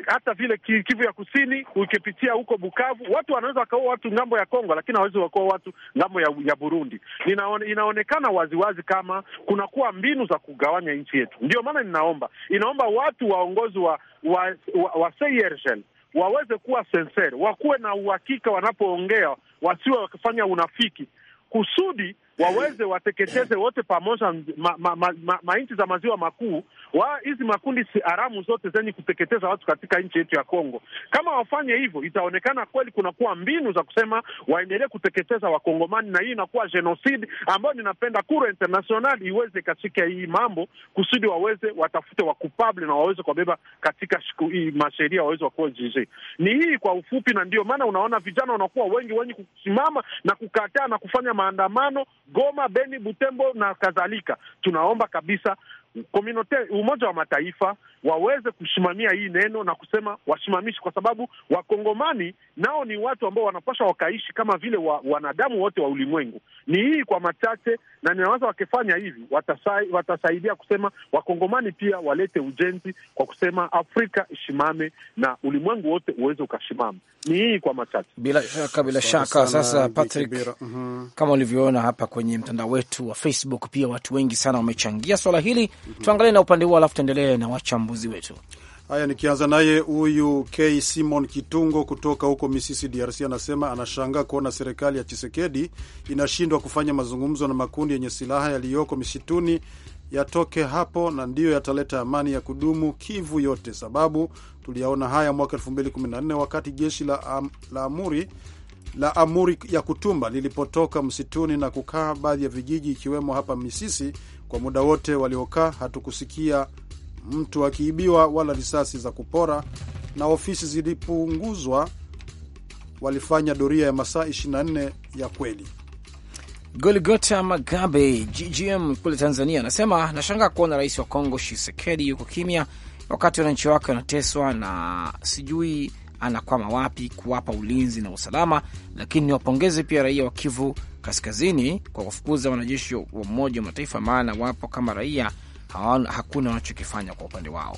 hata vile Kivu ya Kusini, ukipitia huko Bukavu, watu wanaweza wakaua watu ngambo ya Kongo, lakini hawawezi wakaua watu ngambo ya, ya Burundi. Ninaone, inaonekana waziwazi wazi kama kunakuwa mbinu za kugawanya nchi yetu. Ndio maana ninaomba inaomba watu waongozi wa wa, wa, wa CIRGL e waweze kuwa senseri, wakuwe na uhakika wanapoongea, wasiwe wakifanya unafiki kusudi waweze wateketeze wote pamoja ma, ma, ma, ma, za maziwa makuu wa hizi makundi si haramu zote zenye kuteketeza watu katika nchi yetu ya Kongo. Kama wafanye hivyo, itaonekana kweli kunakuwa mbinu za kusema waendelee kuteketeza Wakongomani, na hii inakuwa genocide ambayo ninapenda kura international iweze katika hii mambo kusudi waweze watafute wakupable na waweze kuwabeba katika shiku hii masheria waweze wakuwa jiji. Ni hii kwa ufupi, na ndio maana unaona vijana wanakuwa wengi wenye kusimama na kukataa na kufanya maandamano Goma, Beni, Butembo na kadhalika. Tunaomba kabisa Umoja wa Mataifa waweze kusimamia hii neno na kusema wasimamishi, kwa sababu wakongomani nao ni watu ambao wanapaswa wakaishi kama vile wa, wanadamu wote wa ulimwengu. Ni hii kwa machache, na ninawaza wakifanya hivi watasai, watasaidia kusema wakongomani pia walete ujenzi kwa kusema Afrika isimame na ulimwengu wote uweze ukasimama. Ni hii kwa machache, bila shaka, bila shaka Sasa Patrick, mm -hmm. kama ulivyoona hapa kwenye mtandao wetu wa Facebook, pia watu wengi sana wamechangia swala hili mm -hmm. tuangalie na upande huo alafu tuendelee na wacha wachambuzi wetu. Haya, nikianza naye huyu K Simon Kitungo kutoka huko Misisi, DRC, anasema anashangaa kuona serikali ya Chisekedi inashindwa kufanya mazungumzo na makundi yenye silaha yaliyoko misituni yatoke hapo, na ndiyo yataleta amani ya kudumu Kivu yote, sababu tuliyaona haya mwaka 2014 wakati jeshi la, am, la amuri la amuri ya kutumba lilipotoka msituni na kukaa baadhi ya vijiji ikiwemo hapa Misisi. Kwa muda wote waliokaa hatukusikia mtu akiibiwa wala risasi za kupora, na ofisi zilipunguzwa. Walifanya doria ya masaa 24 ya kweli. Goligota Magabe GGM kule Tanzania anasema nashangaa kuona rais wa Kongo Tshisekedi yuko kimya wakati wananchi wake wanateswa na sijui anakwama wapi kuwapa ulinzi na usalama, lakini niwapongeze pia raia wa Kivu Kaskazini kwa kufukuza wanajeshi wa Umoja wa Mataifa, maana wapo kama raia hakuna wanachokifanya kwa upande wao.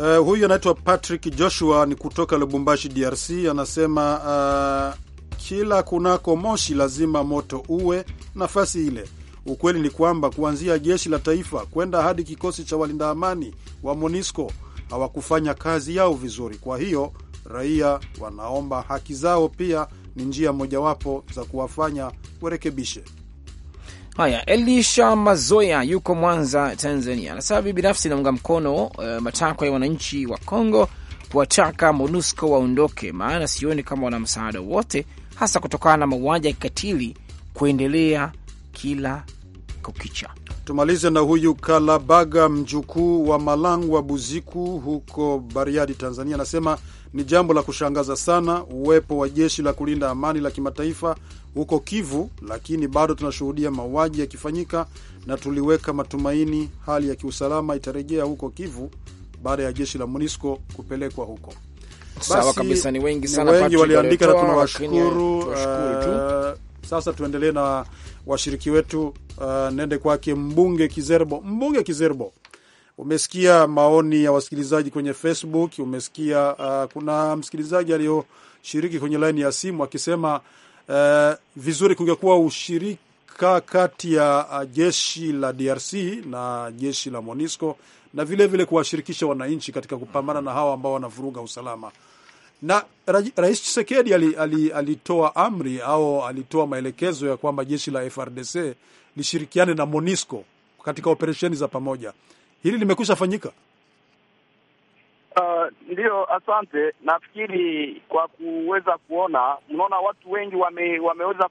Uh, huyu anaitwa Patrick Joshua ni kutoka Lubumbashi, DRC. Anasema uh, kila kunako moshi lazima moto uwe nafasi ile. Ukweli ni kwamba kuanzia jeshi la taifa kwenda hadi kikosi cha walinda amani wa MONUSCO hawakufanya kazi yao vizuri. Kwa hiyo raia wanaomba haki zao, pia ni njia mojawapo za kuwafanya warekebishe Haya, Elisha Mazoya yuko Mwanza, Tanzania, anasema mi binafsi naunga mkono uh, matakwa ya wananchi wa congo kuwataka MONUSCO waondoke, maana sioni kama wana msaada wote, hasa kutokana na mauaji ya kikatili kuendelea kila kukicha. Tumalize na huyu Kalabaga, mjukuu wa Malangwa Buziku huko Bariadi, Tanzania, anasema ni jambo la kushangaza sana uwepo wa jeshi la kulinda amani la kimataifa huko Kivu, lakini bado tunashuhudia mauaji yakifanyika na tuliweka matumaini hali ya kiusalama itarejea huko Kivu baada ya jeshi la MONUSCO kupelekwa huko. Sawa kabisa, ni wengi sana wengi waliandika na tunawashukuru. Uh, sasa tuendelee na washiriki wetu. Uh, nende kwake mbunge Kizerbo, mbunge Kizerbo Umesikia maoni ya wasikilizaji kwenye Facebook, umesikia uh, kuna msikilizaji aliyoshiriki kwenye laini ya simu akisema uh, vizuri kungekuwa ushirika kati ya uh, jeshi la DRC na jeshi la MONUSCO na vilevile kuwashirikisha wananchi katika kupambana na hawa ambao wanavuruga usalama. Na Rais chisekedi alitoa amri au alitoa maelekezo ya kwamba jeshi la FRDC lishirikiane na monisco katika operesheni za pamoja hili limekwisha fanyika? Uh, ndiyo, asante. Nafikiri kwa kuweza kuona, mnaona watu wengi wame, wameweza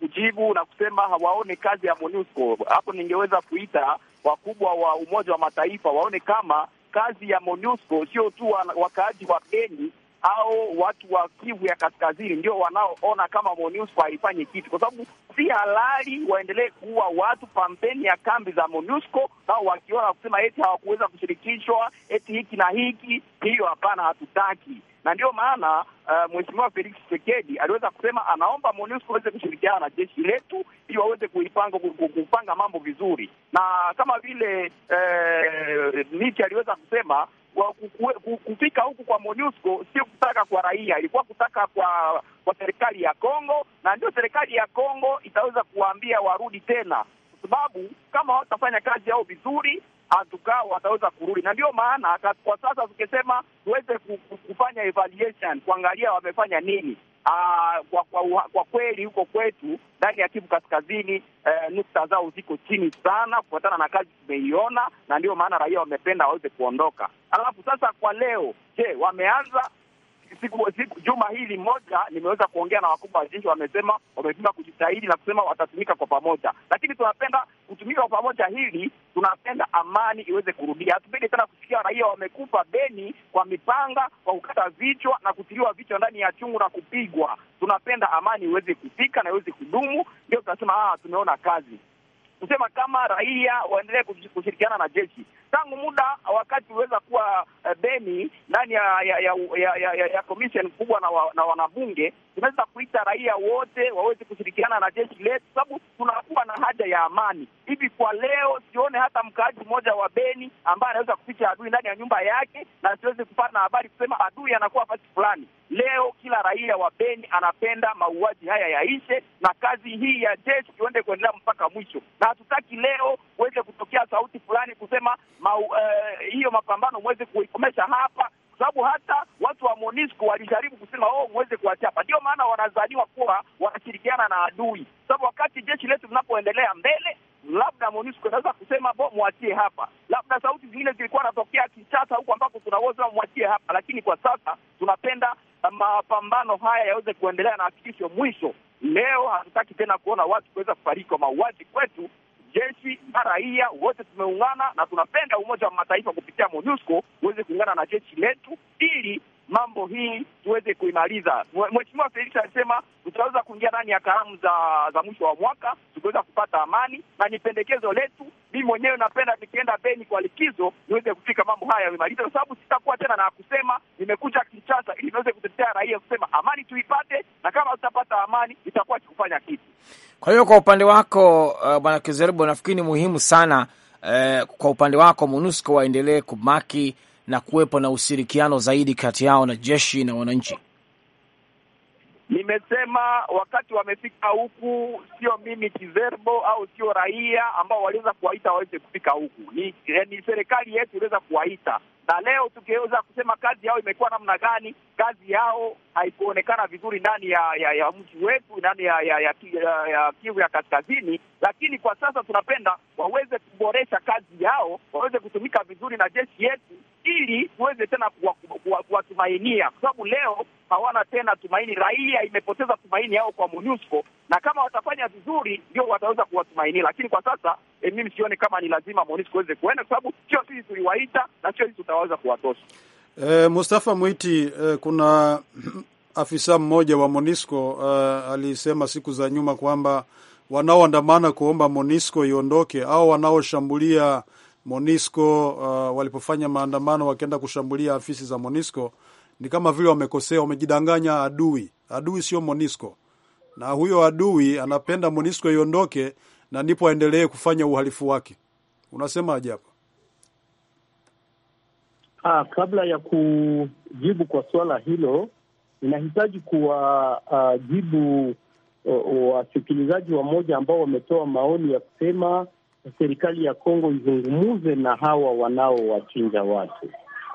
kujibu na kusema hawaone kazi ya MONUSCO. Hapo ningeweza kuita wakubwa wa Umoja wa Mataifa waone kama kazi ya MONUSCO sio tu wakaaji wa Beni au watu wa Kivu ya kaskazini ndio wanaoona kama MONUSCO haifanyi kitu, kwa sababu si halali waendelee kuua watu pambeni ya kambi za MONUSCO, nao wakiona kusema eti hawakuweza kushirikishwa eti hiki na hiki. Hiyo hapana, hatutaki na ndio maana uh, Mheshimiwa Felix Tshisekedi aliweza kusema anaomba MONUSCO waweze kushirikiana na jeshi letu ili waweze kuipanga kupanga mambo vizuri, na kama vile uh, eh, Niki aliweza kusema kufika huku kwa MONUSCO sio kutaka kwa raia, ilikuwa kutaka kwa kwa serikali ya Kongo, na ndio serikali ya Kongo itaweza kuwaambia warudi tena, kwa sababu kama watafanya kazi yao vizuri hatukao wataweza kurudi, na ndio maana kwa sasa tukisema tuweze kufanya evaluation, kuangalia wamefanya nini, aa, ah, kwa, kwa, kwa kweli huko kwetu ndani ya Kivu Kaskazini eh, nukta zao ziko chini sana kufuatana na kazi tumeiona, na ndio maana raia wamependa waweze kuondoka. Alafu sasa kwa leo, je, wameanza siku, siku juma hili moja nimeweza kuongea na wakubwa wa jeshi, wamesema wamepima kujitahidi na kusema watatumika kwa pamoja, lakini tunapenda kutumika kwa pamoja hili, tunapenda amani iweze kurudia. Hatupendi tena kusikia raia wamekufa Beni kwa mipanga, kwa kukata vichwa na kutiliwa vichwa ndani ya chungu na kupigwa. Tunapenda amani iweze kufika na iweze kudumu, ndio tunasema ah, tumeona kazi kusema kama raia waendelee kushirikiana na jeshi tangu muda wakati uweza kuwa uh, Beni ndani ya ya, ya, ya, ya, ya commission kubwa na, wa, na wanabunge tumeweza kuita raia wote waweze kushirikiana na jeshi letu, sababu tunakuwa na haja ya amani. Hivi kwa leo sione hata mkaaji mmoja wa Beni ambaye anaweza kuficha adui ndani ya nyumba yake na siwezi kupata habari kusema adui anakuwa fasi fulani. Leo kila raia wa Beni anapenda mauaji haya yaishe na kazi hii ya jeshi iende kuendelea mpaka mwisho, na hatutaki leo uweze kutokea sauti fulani kusema Eh, hiyo ma, uh, mapambano mweze kuikomesha hapa, kwa sababu hata watu wa MONUSCO walijaribu kusema oh, mweze kuwachapa. Ndio maana wanazaniwa kuwa wanashirikiana na adui, sababu wakati jeshi letu linapoendelea mbele labda MONUSCO inaweza kusema bo, mwachie hapa. Labda sauti zingine zilikuwa natokea Kinshasa huko ambako wa mwachie hapa, lakini kwa sasa tunapenda eh, mapambano haya yaweze kuendelea na hakikisho mwisho. Leo hatutaki tena kuona watu kuweza kufariki kwa mauaji kwetu, jeshi na raia wote tumeungana, na tunapenda Umoja wa Mataifa kupitia MONUSCO uweze kuungana na jeshi letu ili mambo hii tuweze kuimaliza. Mheshimiwa Felix alisema tutaweza kuingia ndani ya karamu za za mwisho wa mwaka tukiweza kupata amani, na ni pendekezo letu. Mi mwenyewe napenda nikienda Beni kwa likizo niweze kufika mambo haya yamemaliza, kwa sababu sitakuwa tena na kusema nimekuja Kinshasa ili niweze kutetea raia, kusema amani tuipate, na kama tutapata amani itakuwa sikufanya kitu. Kwa hiyo kwa upande wako uh, bwana Kizerbo, nafikiri ni muhimu sana uh, kwa upande wako MONUSCO waendelee kumaki na kuwepo na ushirikiano zaidi kati yao na jeshi na wananchi? Nimesema wakati wamefika huku, sio mimi Kizerbo au sio raia ambao waliweza kuwaita waweze kufika huku, ni, eh, ni serikali yetu iliweza kuwaita na leo tukiweza kusema kazi yao imekuwa namna gani, kazi yao haikuonekana vizuri ndani ya ya, ya mji wetu ndani ya, ya, ya, ya, ya Kivu ya Kaskazini, lakini kwa sasa tunapenda waweze kuboresha kazi yao, waweze kutumika vizuri na jeshi yetu ili tuweze tena kuwatumainia, kwa sababu leo hawana tena tumaini. Raia imepoteza tumaini yao kwa MONUSCO, na kama watafanya vizuri ndio wataweza kuwatumainia, lakini kwa sasa eh, mimi sioni kama ni lazima MONUSCO weze kuenda, kwa sababu sio sisi tuliwaita na sio sisi tutaweza kuwatosha. Eh, Mustafa Mwiti, eh, kuna afisa mmoja wa MONUSCO eh, alisema siku za nyuma kwamba wanaoandamana kuomba MONUSCO iondoke au wanaoshambulia Monisco uh, walipofanya maandamano wakienda kushambulia afisi za Monisco ni kama vile wamekosea, wamejidanganya. Adui adui sio Monisco, na huyo adui anapenda Monisco iondoke na ndipo aendelee kufanya uhalifu wake. Unasemaje hapo? Ah, kabla ya kujibu kwa suala hilo inahitaji kuwajibu ah, uh, wasikilizaji wamoja ambao wametoa maoni ya kusema serikali ya Kongo izungumuze na hawa wanaowachinja watu.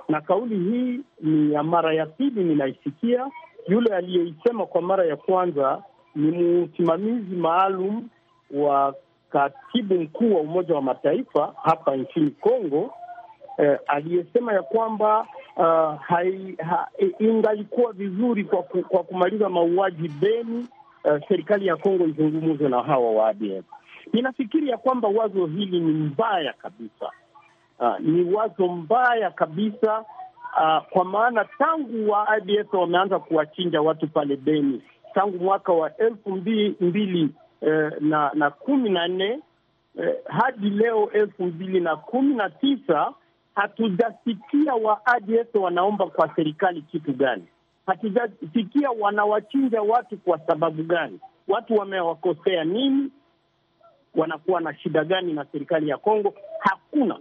Na kauli hii ni ya mara ya pili ninaisikia. Yule aliyeisema kwa mara ya kwanza ni msimamizi maalum wa katibu mkuu wa Umoja wa Mataifa hapa nchini Kongo, eh, aliyesema ya kwamba uh, hai, ha, e, ingalikuwa vizuri kwa, ku, kwa kumaliza mauaji Beni, uh, serikali ya Kongo izungumuze na hawa wa ADF. Ninafikiri ya kwamba wazo hili ni mbaya kabisa. Uh, ni wazo mbaya kabisa uh, kwa maana tangu wa ADF wameanza kuwachinja watu pale Beni tangu mwaka wa elfu mbili, mbili eh, na, na kumi na nne eh, hadi leo elfu mbili na kumi na tisa hatujasikia wa ADF wanaomba kwa serikali kitu gani. Hatujasikia wanawachinja watu kwa sababu gani, watu wamewakosea nini? wanakuwa na shida gani na serikali ya Kongo? Hakuna.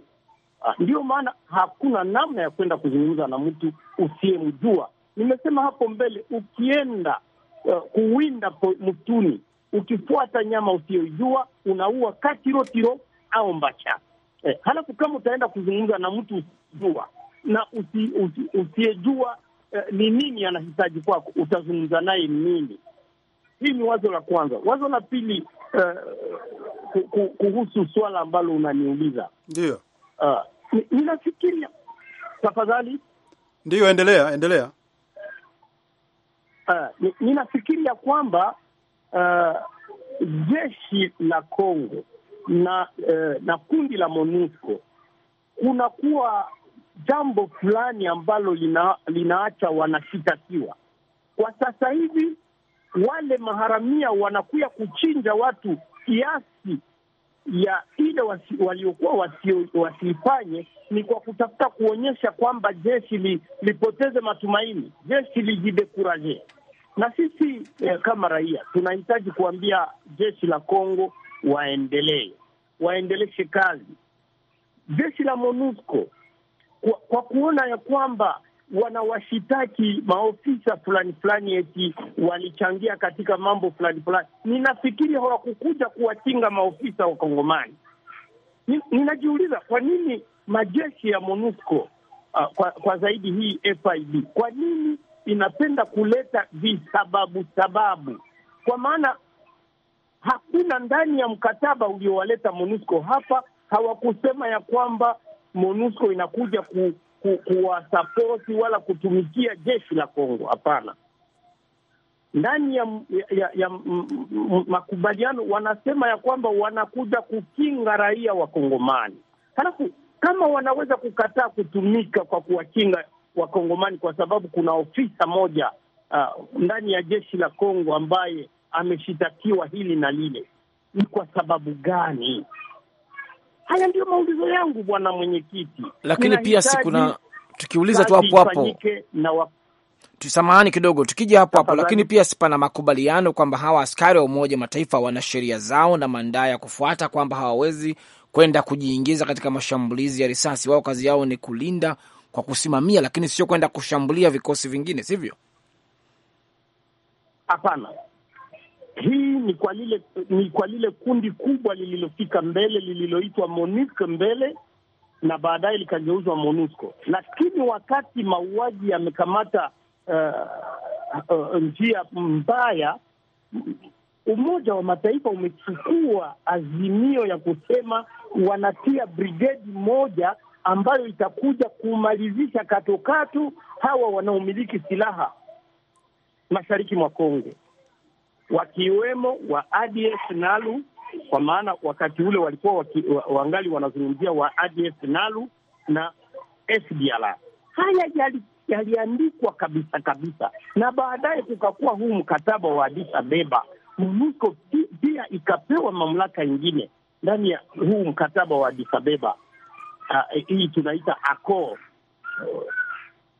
Ah, Ndiyo maana hakuna namna ya kwenda kuzungumza na mtu usiyemjua. Nimesema hapo mbele, ukienda uh, kuwinda mtuni, ukifuata nyama usiyoijua, unaua katirotiro au mbacha eh. Halafu kama utaenda kuzungumza na mtu usijua na usiyejua eh, ni eh, nini anahitaji kwako, utazungumza naye nini? Hii ni wazo la kwanza. Wazo la pili, eh, kuhusu swala ambalo unaniuliza, ndio uh, ninafikiria tafadhali. ndio endelea endelea. Uh, ninafikiria kwamba uh, jeshi la Kongo na uh, na kundi la MONUSCO kunakuwa jambo fulani ambalo lina, linaacha wanashitakiwa kwa sasa hivi. Wale maharamia wanakuya kuchinja watu kiasi ya ile wasi, waliokuwa wasi, wasiifanye ni kwa kutafuta kuonyesha kwamba jeshi li, lipoteze matumaini, jeshi lijidekuraje. Na sisi eh, kama raia tunahitaji kuambia jeshi la Kongo waendelee, waendeleshe kazi jeshi la MONUSCO kwa, kwa kuona ya kwamba wanawashitaki maofisa fulani fulani eti walichangia katika mambo fulani fulani. Ninafikiri hawakukuja kuwatinga maofisa wa Kongomani. Ninajiuliza kwa nini majeshi ya MONUSCO uh, kwa, kwa zaidi hii FIB kwa nini inapenda kuleta visababu sababu, kwa maana hakuna ndani ya mkataba uliowaleta MONUSCO hapa. Hawakusema ya kwamba MONUSCO inakuja ku ku, kuwasapoti wala kutumikia jeshi la Kongo. Hapana, ndani ya, ya, ya makubaliano wanasema ya kwamba wanakuja kukinga raia wa Kongomani. Halafu kama wanaweza kukataa kutumika kwa kuwakinga Wakongomani kwa sababu kuna ofisa moja uh, ndani ya jeshi la Kongo ambaye ameshitakiwa hili na lile, ni kwa sababu gani? Haya ndio maulizo yangu, bwana mwenyekiti. Lakini pia si kuna tukiuliza tu hapo hapo tusamahani kidogo, tukija hapo hapo, lakini pia si pana makubaliano kwamba hawa askari wa Umoja Mataifa wana sheria zao na mandaa ya kufuata, kwamba hawawezi kwenda kujiingiza katika mashambulizi ya risasi. Wao kazi yao ni kulinda kwa kusimamia, lakini sio kwenda kushambulia vikosi vingine, sivyo? Hapana. Hii ni kwa lile ni kwa lile kundi kubwa lililofika mbele lililoitwa MONUC mbele na baadaye likageuzwa MONUSCO. Lakini wakati mauaji yamekamata uh, uh, njia mbaya, Umoja wa Mataifa umechukua azimio ya kusema wanatia brigedi moja ambayo itakuja kumalizisha katokatu hawa wanaomiliki silaha mashariki mwa Kongo wakiwemo wa ADF Nalu, kwa maana wakati ule walikuwa waki, wangali wanazungumzia wa ADF Nalu na FDLR. Haya yaliandikwa kabisa kabisa, na baadaye kukakuwa huu mkataba wa Addis Ababa. MONUSCO pia ikapewa mamlaka ingine ndani ya huu mkataba wa Addis Ababa. Uh, ah, hii tunaita accord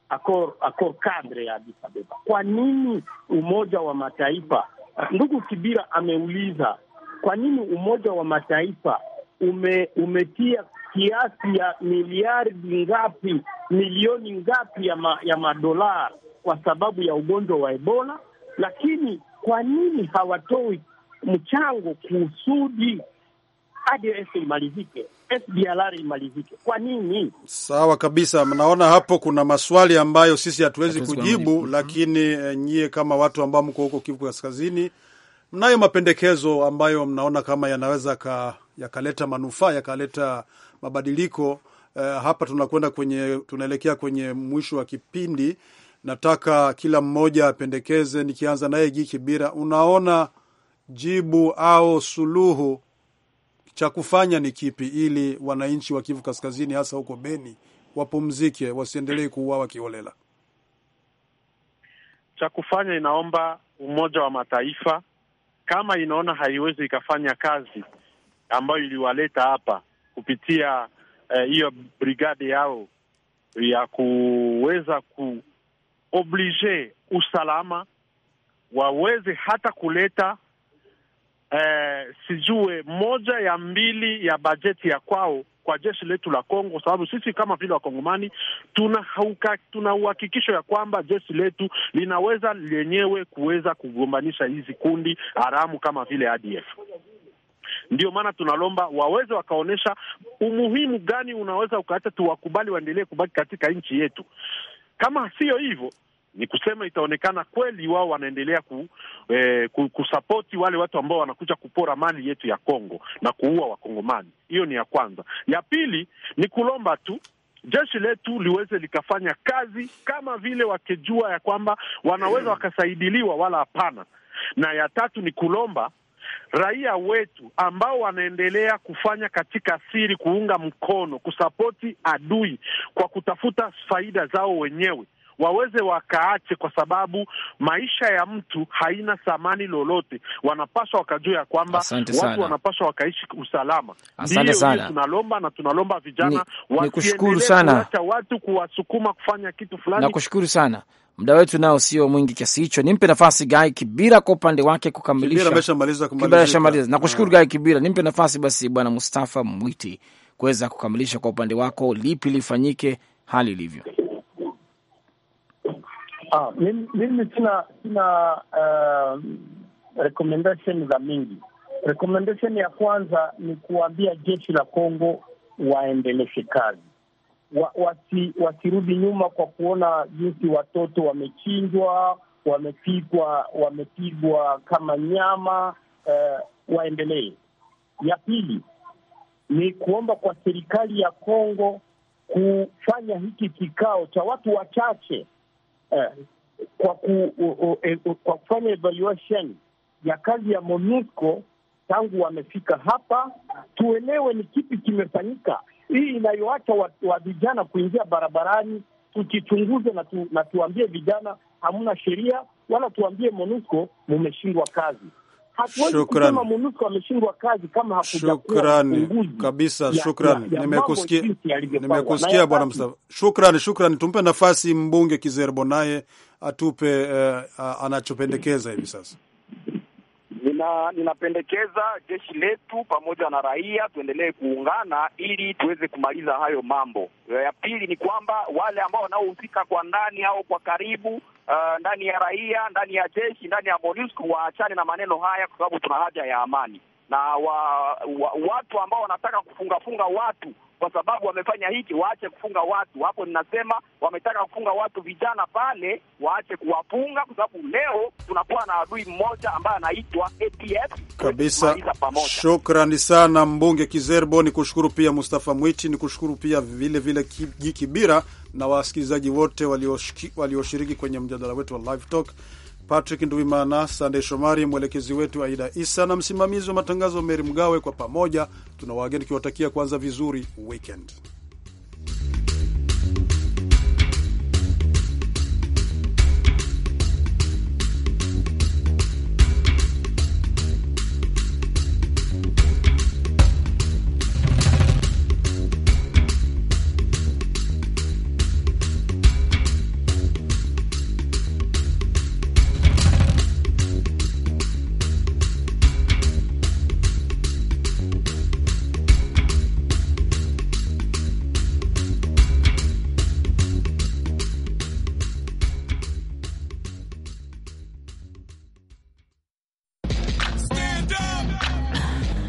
accord accord cadre ya Addis Ababa. Kwa nini Umoja wa Mataifa Ndugu Kibira ameuliza kwa nini Umoja wa Mataifa ume, umetia kiasi ya miliardi ngapi milioni ngapi ya, ma, ya madolar kwa sababu ya ugonjwa wa Ebola, lakini kwa nini hawatoi mchango kusudi hadi ese imalizike? FDLR imalizike. Kwa nini? Sawa kabisa. Mnaona hapo kuna maswali ambayo sisi hatuwezi kujibu, lakini uh, nyie kama watu ambao mko huko Kivu Kaskazini, mnayo mapendekezo ambayo mnaona kama yanaweza ka, yakaleta manufaa yakaleta mabadiliko. Uh, hapa tunakwenda kwenye, tunaelekea kwenye mwisho wa kipindi. Nataka kila mmoja apendekeze, nikianza naye giki bira unaona jibu au suluhu cha kufanya ni kipi ili wananchi wa Kivu Kaskazini hasa huko Beni wapumzike, wasiendelee kuuawa kiholela? Cha kufanya inaomba Umoja wa Mataifa kama inaona haiwezi ikafanya kazi ambayo iliwaleta hapa kupitia eh, hiyo eh, brigade yao ya kuweza kuoblige usalama, waweze hata kuleta eh, sijue moja ya mbili ya bajeti ya kwao kwa jeshi letu la Kongo, kwa sababu sisi kama vile wakongomani tuna tuna uhakikisho ya kwamba jeshi letu linaweza lenyewe kuweza kugombanisha hizi kundi haramu kama vile ADF. Ndio maana tunalomba waweze wakaonyesha umuhimu gani unaweza ukaacha tuwakubali waendelee kubaki katika nchi yetu. Kama siyo hivyo ni kusema itaonekana kweli wao wanaendelea ku, eh, kusapoti wale watu ambao wanakuja kupora mali yetu ya Kongo na kuua Wakongomani. Hiyo ni ya kwanza. Ya pili ni kulomba tu jeshi letu liweze likafanya kazi kama vile wakijua ya kwamba wanaweza hmm. wakasaidiliwa wala hapana. Na ya tatu ni kulomba raia wetu ambao wanaendelea kufanya katika siri, kuunga mkono, kusapoti adui kwa kutafuta faida zao wenyewe waweze wakaache, kwa sababu maisha ya mtu haina thamani lolote. Wanapaswa wakajua ya kwamba watu sana, wanapaswa wakaishi usalama. Asante sana, tunalomba na tunalomba vijana wasiendelee watu kuwasukuma kufanya kitu fulani. Nakushukuru sana muda wetu nao sio mwingi kiasi hicho. Nimpe nafasi Gai Kibira kwa upande wake kukamilisha. Ah. Nakushukuru Gai Kibira, nimpe nafasi basi Bwana Mustafa Mwiti kuweza kukamilisha kwa upande wako, lipi lifanyike hali ilivyo. Ah, mimi, sina sina uh, recommendation za mingi. Recommendation ya kwanza ni kuambia jeshi la Kongo waendeleshe kazi wa, wasi, wasirudi nyuma kwa kuona jinsi watoto wamechinjwa, wamepigwa, wamepigwa kama nyama uh, waendelee. Ya pili ni kuomba kwa serikali ya Kongo kufanya hiki kikao cha watu wachache kwa, ku, e, kwa kufanya evaluation ya kazi ya MONUSCO tangu wamefika hapa, tuelewe ni kipi kimefanyika, hii inayoacha wa, wa vijana kuingia barabarani. Tukichunguze na, tu, na tuambie vijana hamna sheria, wala tuambie MONUSCO mumeshindwa kazi shukrani kabisa. Shukrani, nimekusikia bwana Mustafa. shukran shukran Tumpe nafasi mbunge Kizerbo naye atupe uh, uh, anachopendekeza hivi sasa. Nina, ninapendekeza jeshi letu pamoja na raia tuendelee kuungana ili tuweze kumaliza hayo mambo. Ya pili ni kwamba wale ambao wanaohusika kwa ndani au kwa karibu uh, ndani ya raia, ndani ya jeshi, ndani ya MONUSCO waachane na maneno haya, kwa sababu tuna haja ya amani na wa, wa, watu ambao wanataka kufungafunga watu kwa sababu wamefanya hiki, waache kufunga watu. Hapo ninasema wametaka kufunga watu vijana pale, waache kuwafunga, kwa sababu leo tunakuwa na adui mmoja ambaye anaitwa ATF kabisa. Shukrani sana mbunge Kizerbo, ni kushukuru pia Mustafa mwiti ni kushukuru pia vile vile na wasikilizaji wote walioshiriki kwenye mjadala wetu wa Live Talk, Patrick Nduimana, Sandey Shomari, mwelekezi wetu Aida Isa na msimamizi wa matangazo Meri Mgawe. Kwa pamoja tuna wageni tukiwatakia kwanza vizuri weekend.